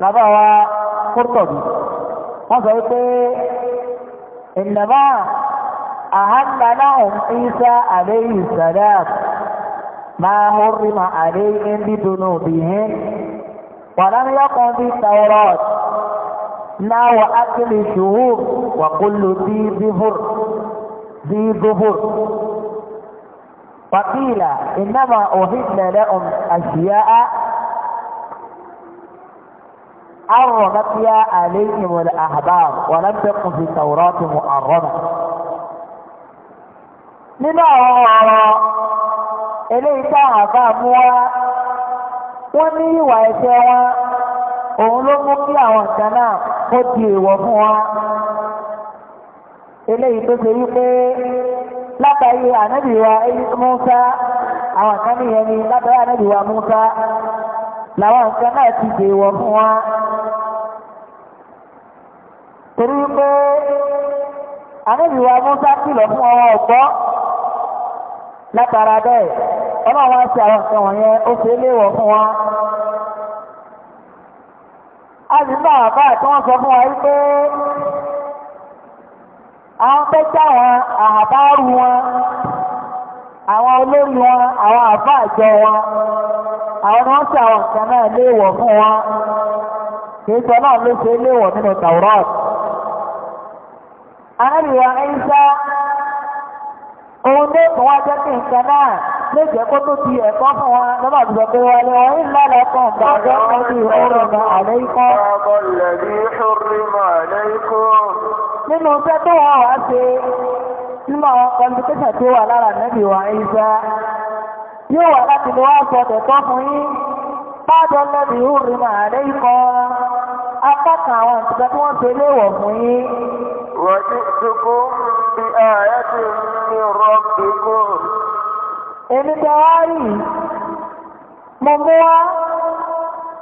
lábáwá kúrtọ̀bì wọ́n sọ wípé ìnàmá àhánà láhùn ìsá àléyìn sàdáàt máa hórí ma àléyìn dídùnú bìhín wàlán yọkùn bí tàwọ́rọ̀t náà ákìlì ṣùhùr wà kúlù bí zuhur فقيل إنما أهدنا لهم أشياء حرمت يا عليهم الأحبار ولم تكن في التوراة محرمة nínú àwọn ọ̀rọ̀ eléyìí táwọn àbá mú wá wọ́n ní ìwà ẹ̀ṣẹ̀ wọn òun ló mú kí àwọn nǹkan náà kó di èèwọ̀ fún wọn eléyìí tó ṣe wípé látàrí ànábìwá Musa àwọn kan nìyẹn ni látàrí ànábìwá Musa làwọn nǹkan náà ti dèwọ̀ fún wa. torí pé ànábìwá Musa kìlọ̀ fún ọwọ́ ọ̀gbọ́ látara bẹ́ẹ̀ ọlọ́run wá ṣe àwọn nǹkan wọ̀nyẹn ó ṣe é léwọ̀ fún wa a sì ń bá àbá tí wọ́n sọ fún wa wípé àwọn pẹ́jà wọn àbárù wọn àwọn olórí wọn àwọn àbá àjọ wọn àwọn ni wọ́n ṣe àwọn nǹkan náà léèwọ̀ fún wọn kì í sọ náà ló ṣe léèwọ̀ nínú tàwùrọ́ọ̀tì. arábìnrin àìsá òun ló kàn wá jẹ́ kí nǹkan náà lè jẹ́ kó tó di ẹ̀kọ́ fún wọn lọ́nà àbúrò pé wọ́n lé wọn ń lára kan gbàgbọ́ ọdún ìhòòrò náà àléékọ́ nínú iṣẹ́ tó wà wá ṣe nínú àwọn tó wà lára nẹ́bí wa ìṣá yóò wà láti lè wá sọ tẹ̀tọ́ fún yín bájọ lẹ́bí ìhùrì máa rẹ̀ ikọ̀ apá àwọn ìṣẹ́ tí wọ́n ṣe léèwọ̀ fún yín. wọ́jú tukú bí ààrẹ ti ní rọ́ọ̀kì kù. èmi tẹ wá rí mo mú wá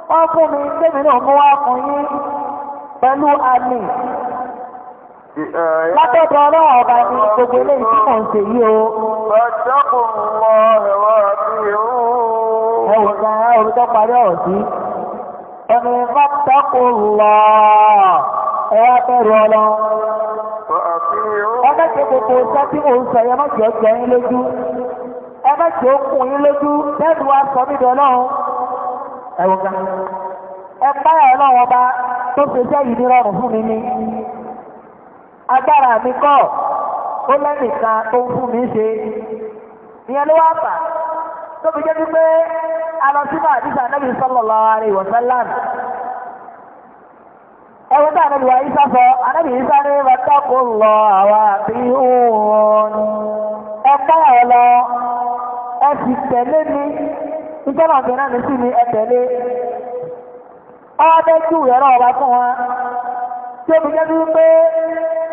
wọ́n fún mi tẹ́mi náà wá fún yín pẹ̀lú àmì Látọ̀dọ̀ ọlọ́run ọba ni gbogbo eléyìí tí mò ń ṣe yìí o. Ọ̀ṣọ́kùn mọ ẹ̀rọ àti ìrú. Ẹ wò sàn án olùtọ́ parí ọ̀rọ̀ sí. Ẹni fọ́tọ́kùn lọ ẹ wá bẹ̀rù ọlọ. Ẹ má ṣe gbogbo iṣẹ́ tí mò ń sọ yẹn má jẹ́ jẹ́ yín lójú. Ẹ má ṣe okùn yín lójú bẹ́ẹ̀ni wàá sọ nídìí ọlọ́run. Ẹ wò sàn. Ẹ báyà ọlọ́run ọba tó ṣe iṣẹ́ yìí nírọ̀rùn fún mi ní. agbára mi kọ́ ó lẹ́nìkan tó ń fún mi ṣe ìyẹn ló wá fà tó fi jẹ́ pé alọ́sínú àdìsá tí ànábì wa Ìsá sọ ànábì Ìsá ní bàtàkù lọ àwa àti òun ẹ̀ lọ ẹ sì tẹ̀lé mi ìjọba mìíràn mi sí ni ẹ tẹ̀lé ọ́ bẹ́ẹ̀ fi jẹ́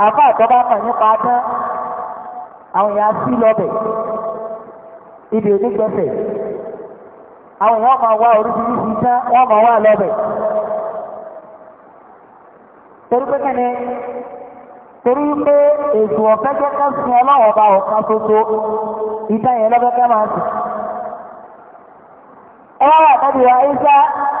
àfa àtọ́ba mọ̀ nípa tán àwọn èèyàn sí lọ́bẹ̀ ibi onígbẹ̀fẹ̀ àwọn èèyàn máa wá oríṣiríṣi tán wọ́n máa wá lọ́bẹ̀ torí pé kíni torí pé ètò ọ̀fẹ́ kẹ́kẹ́ sin ọlọ́wọ́ ọba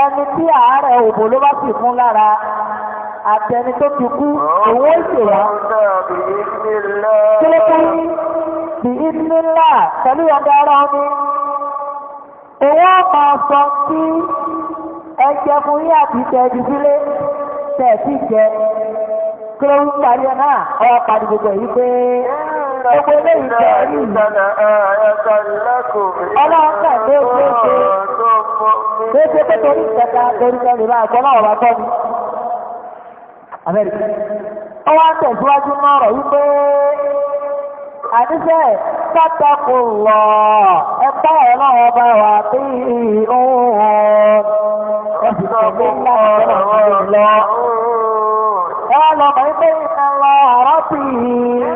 ẹni tí àárẹ̀ òbò ló bá sì fún lára àtẹni tó ti kú òun ó sì wá. kí ló tó yí bí ìdílé pẹ̀lú ọ̀dọ̀ ara ni òun á máa sọ sí ẹjẹ fún yín àti ìtẹ̀jú sílé tẹ̀sí jẹ kí ló parí ẹ náà ọ̀rọ̀ parí gbogbo èyí pé gbogbo eléyìí jẹ́ ẹ̀rí. ọlọ́run ló ń gbé e kéèké pé torí ìkẹta torí kẹlẹ̀ máa sọ náà wà tọ́ni amẹ́ríkà wọ́n wá tẹ̀síwájú náà rọ̀ wípé àdíṣe pátákó lọ ẹ̀pá ẹ̀ náà bá wà bí òun ẹ̀sìn náà bí láàrín lọ. Ẹ lọ mọ̀ wípé ìta lọ ọ̀rọ̀ sí i.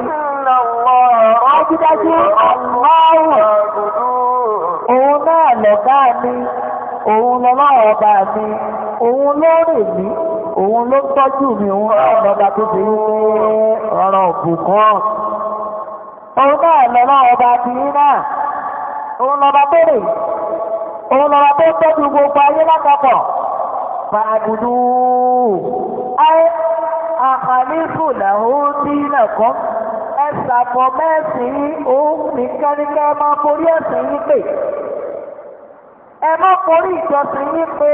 Dájúdájú àlọ́ òun náà lọ̀gá mi òun lọ́lọ́wọ́ ọba mi òun ló rè mí òun ló tọ́jú mi òun ọ̀nà ọba tó fi ọ̀rọ̀ òbùkún òun náà lọ́lọ́wọ́ ọba ti yín náà òun lọ́ba tó rè òun lọ́ba tó tọ́jú gbogbo ayé lápapọ̀ fàdùdù ayé àkàlífù làwọn tí nàkọ́ ẹ forí ìjọsìn yín pé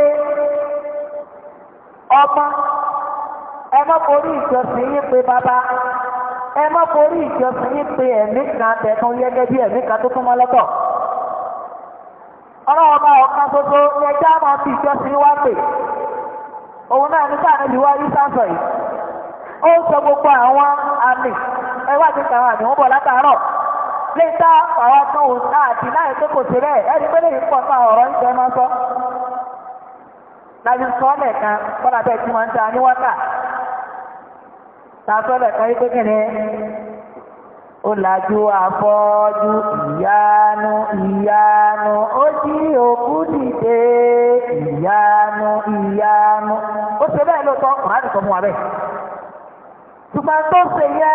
ọmọ ẹ forí ìjọsìn yín pé bàbá ẹ forí ìjọsìn yín pé ẹ̀mí kan tẹ̀kan yẹ́gẹ́ bí ẹ̀mí kan tó tún mọ́ lọ́tọ̀ ọlọ́wọ́ ọ̀kan gbogbo gbogbo àwọn àmì ẹwà ti kàwọn àmì wọn bọ̀ lẹ́tà ọ̀rọ̀ tó ń ta àti láì pé kò sí bẹ́ẹ̀ ẹni pé lèyìn pọ̀ náà ọ̀rọ̀ ń tẹ́ máa sọ. láti sọ lẹ́ẹ̀kan kọ́lá bẹ́ẹ̀ tí wọ́n ń ta níwọ́tà ta sọ lẹ́ẹ̀kan yí pé kí ni ó lajú afọ́jú ìyanu ìyanu ó jí òkú dìde ìyanu ìyanu ó ṣe bẹ́ẹ̀ lóòótọ́ kùnrin àdìsọ́ wa bẹ́ẹ̀ ṣùgbọ́n tó ṣe yẹ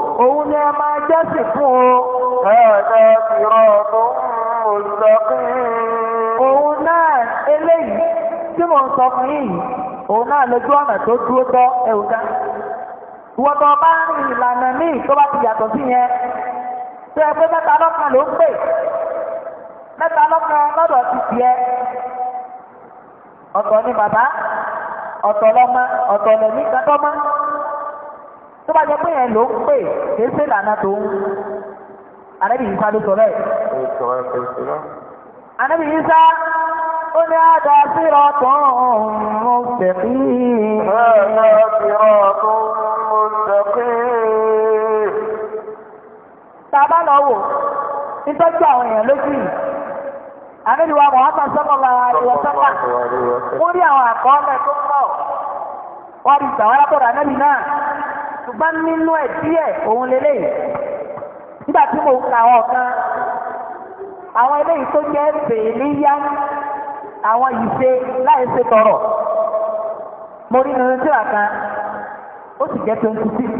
òun ni a máa jẹ́sìn fún o. ẹ̀ẹ́dẹ́ ìrọ̀ tó ń mọ̀lẹ́kùn. òun náà eléyìí tí mò ń sọ fún yìí òun náà lójú ọ̀nà tó dúró tọ́ ẹ̀wù dá. ìwọ́n tó bá ń rìn ìlànà míì tó bá ti yàtọ̀ sí yẹn. tó ẹ mẹ́ta lọ́kàn ló ń pè mẹ́ta lọ́kàn lọ́dọ̀ ti tiẹ̀. ọ̀tọ̀ ni bàbá ọ̀tọ̀ lọ́mọ ọ̀tọ̀ lẹ̀mí kátọ́mọ́ tó bá jẹ pé yẹn ló ń pè kì í ṣe ìlànà tó ń anabi isa ló sọ bẹ́ẹ̀. anabi isa ó ní àdá sírọ tó ń mú sẹ́kì. àdá sírọ tó ń mú sẹ́kì. tàbá lọ wò nítọ́jú àwọn èèyàn lójú yìí anabi wa muhammad sallallahu alaihi wasallam ó rí àwọn àkọọ́lẹ̀ tó pọ̀ wọ́n rí ìtàwọn alábọ̀dọ̀ anabi náà ṣùgbọ́n nínú ẹ̀ díẹ̀ òun lélẹ́yìn nígbà tí mo ka àwọn kan àwọn eléyìí tó jẹ́ bèèlì yá àwọn ìṣe láì ṣe tọrọ mo rí nínú síra kan ó sì jẹ́ twenty six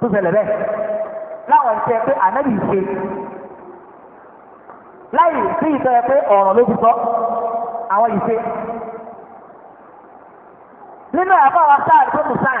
tó ṣẹlẹ̀ bẹ́ẹ̀ láwọn ìṣe pé ànábì ìṣe láì sí ìṣe pé ọ̀ràn ló ti sọ àwọn ìṣe nínú àbáwá sáà tó mú sáà.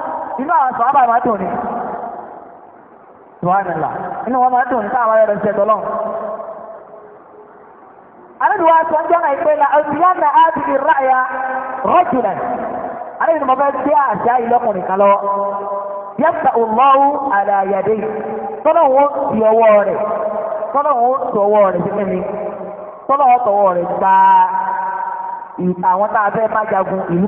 inú àwọn sọ àbàmà dùn ni subhanallah inú wọn máa dùn ní sáà wáyé tọ́lọ́ alẹ́dùwà sọ ń jọ́nà ìpè la ọ̀sìyàn náà á ti di ráàyà rọ́jùlẹ̀ alẹ́dùn mọ́ fẹ́ gbé àṣà kan tọ́lọ́ wọn ti ọwọ́ rẹ̀ tọ́lọ́ wọn rẹ̀ mi tọ́lọ́ wọn tọwọ́ rẹ̀ àwọn fẹ́ bá jagun ìlú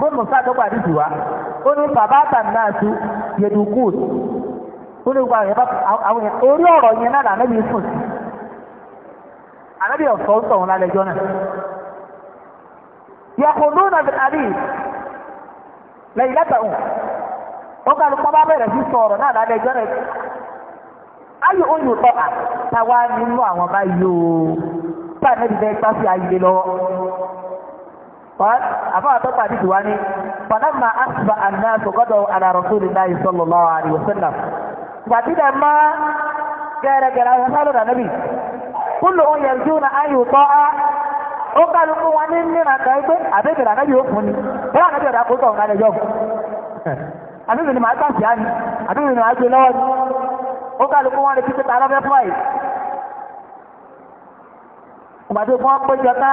bó musa tó gbà dídì ó ní bàbá àtàn náà tú ó ní gbà àwọn yẹn orí ọ̀rọ̀ yẹn náà lànàbí sùn sí ànàbí ọ̀sọ́ ń tọ̀hún lálẹ́jọ́ náà yàkùnú náà fi àdí lẹ́yìn lẹ́tọ̀ọ́ ó kálukọ́ bá bẹ̀rẹ̀ sí sọ̀rọ̀ náà lálẹ́jọ́ náà ayò oyè tọ́ à táwa nínú àwọn báyìí o afáàtọ́ pàdé tiwa ni fàdámà àṣìbà àná sọgọ́dọ̀ alárọ̀sọ́lù náà sallallahu alaihi wasallam pàdé dẹ̀ má gẹ́rẹ́gẹ́rẹ́ àwọn sálọ̀ dànàbì kúlò ń yẹ ju na ayò tọ́ a ó kálukú wọn ní nínú àgbà yìí pé àbẹ̀bẹ̀rẹ̀ àgbà yóò fún ni wọ́n àgbà yóò dà kó tọ̀ ọ̀nà lẹ́jọ́ àbẹ̀bẹ̀ ni màá gbà sí àná àbẹ̀bẹ̀ ni màá gbé lọ́wọ́ ni ó kálukú wọn lè fi pété fún àyè. ìgbà fún ọ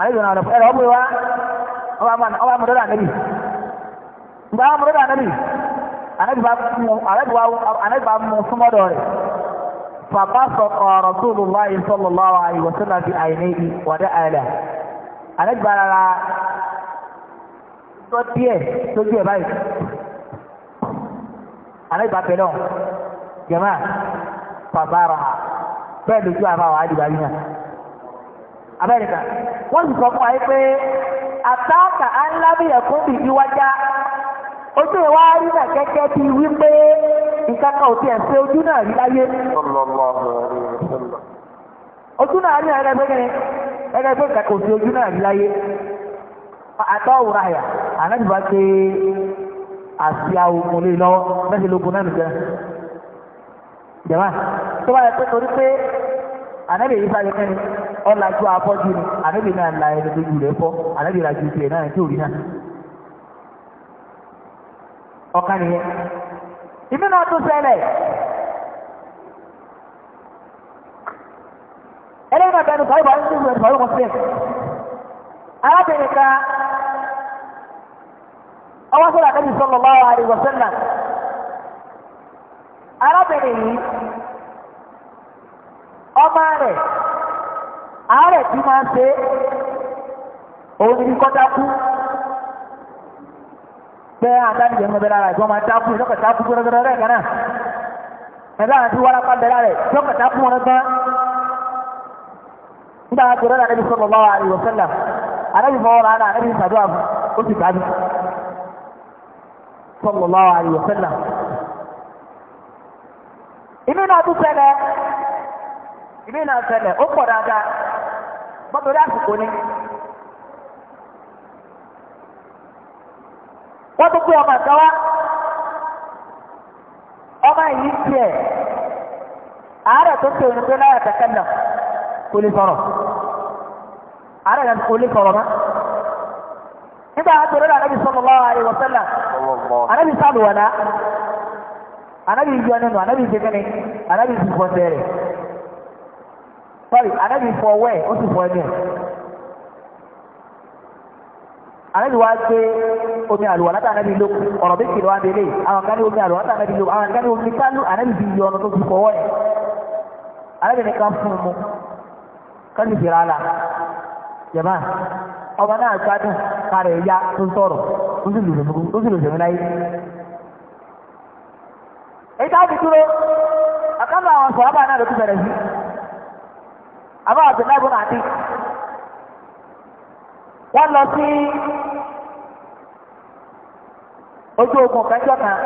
àlejò náà lọ́pọ̀ ẹ̀rọ ọmọ ìwá ọba mọ̀dọ́dọ̀ ànẹ́bì ìgbà ọmọ mọ̀dọ́dọ̀ ànẹ́bì ànẹ́bì bá mú fún mọ́dọ̀ rẹ̀ fàbásọ̀kọ̀ rasulullahi sallallahu alaihi wasallam fi àìní wàdá àìlẹ̀ ànẹ́bì bá rárá tó díẹ̀ tó díẹ̀ báyìí ànẹ́bì bá pẹ̀lọ́ jẹ̀má fàbára bẹ́ẹ̀ lójú àbáwá àdìbáyìí náà Amẹ́ríkà wọ́n sì sọ fún ayé pé àtàkà alábìyẹ̀ fún bìbí wájá ojú ìwà rí náà gẹ́gẹ́ bí wípé nǹkan kan ò tiẹ̀ ojú náà rí láyé. ojú náà rí ẹ̀rẹ́ pé kíni ẹ̀rẹ́ pé nǹkan kò ojú náà rí láyé. àtọ́ òwúrọ̀ àyà ànájùbá ṣe àṣìá ogun lé lọ́wọ́ mẹ́sẹ̀ lógun náà nìkan. jẹ̀wá tó bá yẹ pé torí pé yìí ọ̀làjú afọ́jú ni ànábì náà la ẹni tó jù rẹ̀ fọ́ la ju tiẹ̀ náà tí ò rí náà. ọ̀kan nìyẹn ìmí náà tó ṣẹlẹ̀ ẹlẹ́yìn náà bẹnu sọ̀rọ̀ bá ń sọ̀rọ̀ na sílẹ̀ arábìnrin kan ọwọ́ sọ̀rọ̀ ànábì sallallahu alaihi na arábìnrin yìí ọmọ rẹ̀. àárẹ̀ tí máa ń ṣe òun ní kọ́ dákú pé àdánìjẹ́ ń bẹ lára ìgbọ́n máa dákú ìjọkọ̀ dákú gbọ́dọ̀gbọ́dọ̀ rẹ̀ kan náà ẹ̀dá àti wárápá bẹ lára ìjọkọ̀ dákú wọn gan nígbà tó rẹ̀ àdébí sọ́lọ́ bá wà ìwọ̀ sẹ́là àdébí fọwọ́ rà náà àdébí sàdúrà ó sì tàbí sọ́lọ́ bá wà ìwọ̀ sẹ́là inú náà tún ṣẹlẹ̀ ìbí náà ṣẹlẹ̀ ó pọ̀ dáadáa bọ́tọ̀rí àsìkò ni. wọ́n tó pé ọmọ ìsáwá ọmọ yìí tiẹ̀ àárẹ̀ tó ṣe òyìnbó láyà kẹ̀kẹ́ náà kò lè sọ̀rọ̀ àárẹ̀ náà kò lè sọ̀rọ̀ mọ́. nígbà tó lọ́dọ̀ anábì sallallahu alaihi wasallam anábì sálùwọ̀nà anábì yọ nínú anábì ṣe kẹ́ni anábì sì sorry anabi fọ ọwọ́ ẹ̀ ó fọ ẹni anabi wa gbé omi àlùwàlá tá anabi lò ọ̀rọ̀ méjì lọ́wọ́ abẹ́lé àwọn kan ní omi àlùwàlá tá anabi lò àwọn kan ní omi kálù anabi fi yọ ọ̀nà tó fi fọ ọwọ́ anabi ní ká fún mu ká ní ìdìrà jẹ̀má ọba náà gbádùn kárẹ̀ ya tó ń sọ̀rọ̀ tó sì lò a dúró àwọn sọ̀rọ̀ àbá àbẹ̀lẹ̀ na wọ́n lọ sí ojú ogun kẹjọ kan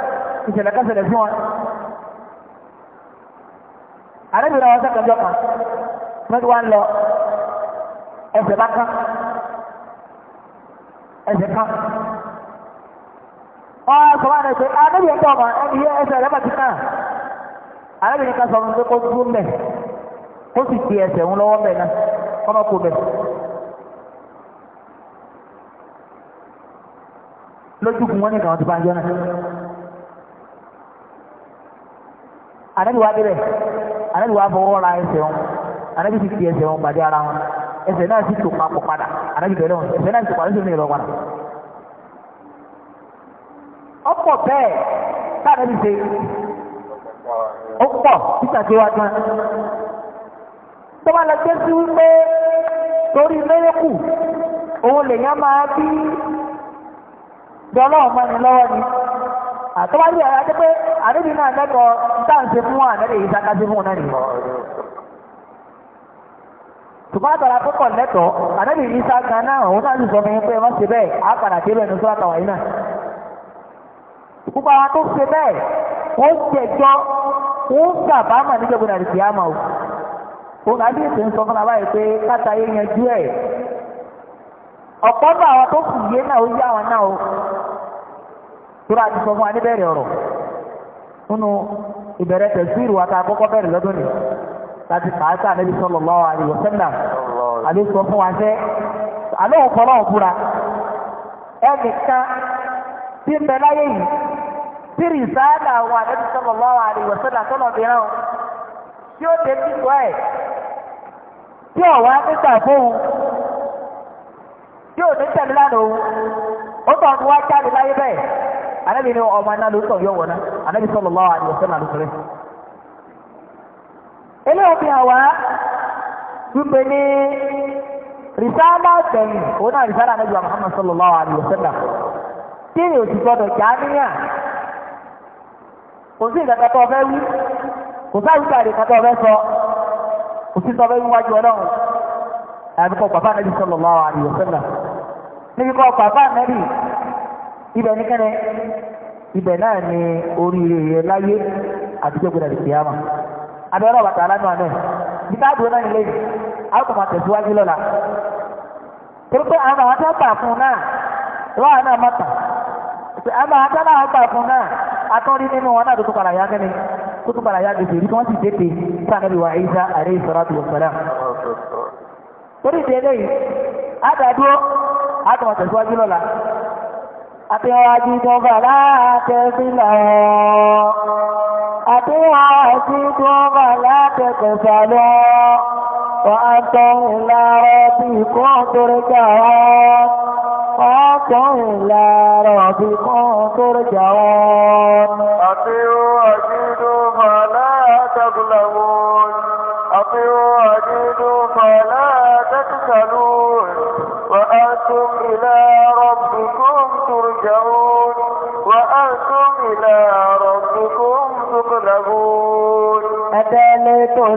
ìṣẹ̀lẹ̀ kẹsẹ̀lẹ̀ fún wọn àrẹ́bìnrin àwọn sẹ́kẹ̀jọ kan mẹ́tí wọ́n lọ ẹsẹ̀ bá kán ẹsẹ̀ kán wọ́n sọ wá àrẹ́bìnrin tó ọmọ ẹni yẹ ẹsẹ̀ rẹ̀ àrẹ́bìnrin kan sọ fún mi pé o sì fi ẹsẹ̀ ń lọ́wọ́ bẹ̀ náà kọ́nà kó bẹ̀. lójúkun wọn ní kàwọn ti bá ń jọ náà. ànábì wá débẹ̀ ànábì wá fọwọ́ ra ẹsẹ̀ wọn ànábì sì fi ẹsẹ̀ wọn pàdé ara wọn ẹsẹ̀ náà sì tò papọ̀ padà ànábì bẹ̀rẹ̀ wọn ẹsẹ̀ náà sì tò padà sí ìlú ìlọ padà. ọ̀pọ̀ bẹ́ẹ̀ táà náà ti ṣe ó pọ̀ títà tí wá tán. tó bá lọ gbé sí wípé torí mérekù òun lèèyàn máa bí dọ́lọ́ ọmọnì lọ́wọ́ ni àtọ́wá yìí ọ̀rọ̀ ajé pé àdébí náà lẹ́kọ̀ọ́ dáǹsẹ̀ fún wa àdébí yìí sáká sí fún náà nìyẹn. tùmọ̀ àtàrà tó kọ̀ lẹ́tọ̀ọ́ àdébí yìí sáká náà òun náà sì sọ fún yín pé wọ́n ṣe bẹ́ẹ̀ á padà dé bẹ́ẹ̀ ní sọ́ra yìí náà. gbogbo àwọn tó ṣe bẹ́ẹ̀ wọ́n jẹ̀jọ́ wọ́n gbàbámà níjọ́gbọ̀n àdìsí àmà o. òun àbí ètò ń sọ ala abáyé pé látàyé yanjú ẹ̀ ọ̀pọ̀ náà àwọn tó kù yé náà ó yé àwọn náà o tóra ti sọ fún wa níbẹ̀rẹ̀ ọ̀rọ̀ nínú ìbẹ̀rẹ̀ tẹ̀síìrì wa ni láti pàṣẹ àlẹ́bí sallallahu alaihi wasallam àlẹ́ sọ fún wa sẹ́ àlẹ́ náà fúra ẹnìkan tí ń bẹ láyé yìí tí tí ó dé bí sọ ẹ̀ tí ọ̀wá nígbà fóun tí ò ní tẹ̀lé lánàá òun ó tọ̀ ní wá jáde láyé bẹ́ẹ̀ anábì ọmọ iná ló yọ náà anábì sallallahu alaihi wasallam lókèrè. eléyìí fi hàn wá ní rìsáàlà tẹ̀yìn òun náà anábì Muhammad gbọdọ̀ níyà kò sí ọ̀fẹ́ wí kò kò sí sọ́bẹ̀ wíwájú ọlọ́run àbíkọ́ bàbá nàbí sallallahu alaihi wasallam níbi kọ́ bàbá nàbí ibẹ̀ ní kẹ́nẹ́ ibẹ̀ náà ni oríire yẹ láyé àtijọ́ gbọdọ̀ lè kíyàmà abẹ́rẹ́ ọ̀bàtà alánú àná bí ká dúró náà nílé yìí a kò máa tẹ̀síwájú lọ́la torí pé àwọn àwọn tó bà fún náà wọ́n àwọn náà àwọn àwọn fún náà atọ́rí nínú wọn náà tó tó kó tó padà yá gbèsè rí kí wọ́n sì tètè wa Isa alayhi salatu wa salam. torí ìdí eléyìí àdàdúró àtọ̀wọ̀ tẹ̀síwájú lọ́la àti ọ̀hájú ìjọba látẹ̀sílẹ̀ wọn àti ọ̀hájú ìjọba látẹ̀kẹ̀sà lọ wọ́n tọ́ ìlàrọ̀ bí kọ́ torí jà wọ́n wọ́n tọ́ ìlàrọ̀ bí kọ́ torí jà wọ́n. àti ó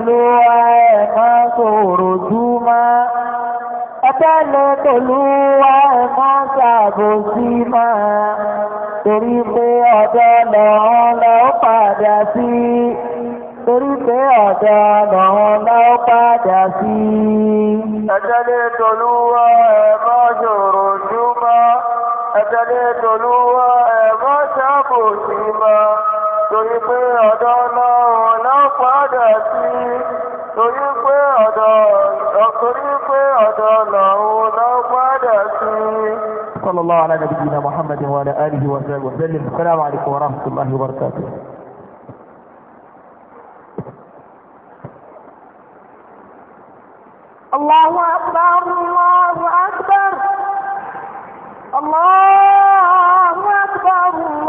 tolúwa ẹ má sòrò júmọ́ ẹ̀tẹ́lẹ̀ tolúwa ẹ má ṣàbòsí mọ́ torí pé ọ̀dọ̀ lọ́run lọ padà sí torí pé ọ̀dọ̀ lọ́run lọ padà sí. ẹ̀tẹ́lẹ̀ tolúwa ẹ má sòrò júmọ́ ẹ̀tẹ́lẹ̀ tolúwa torí pé ọ̀dọ̀ náà náà padà sí torí pé ọ̀dọ̀ torí pé ọ̀dọ̀ náà náà padà sí. صلى الله على نبينا محمد وعلى آله وصحبه وسلم السلام عليكم ورحمة الله وبركاته الله أكبر الله أكبر الله أكبر الله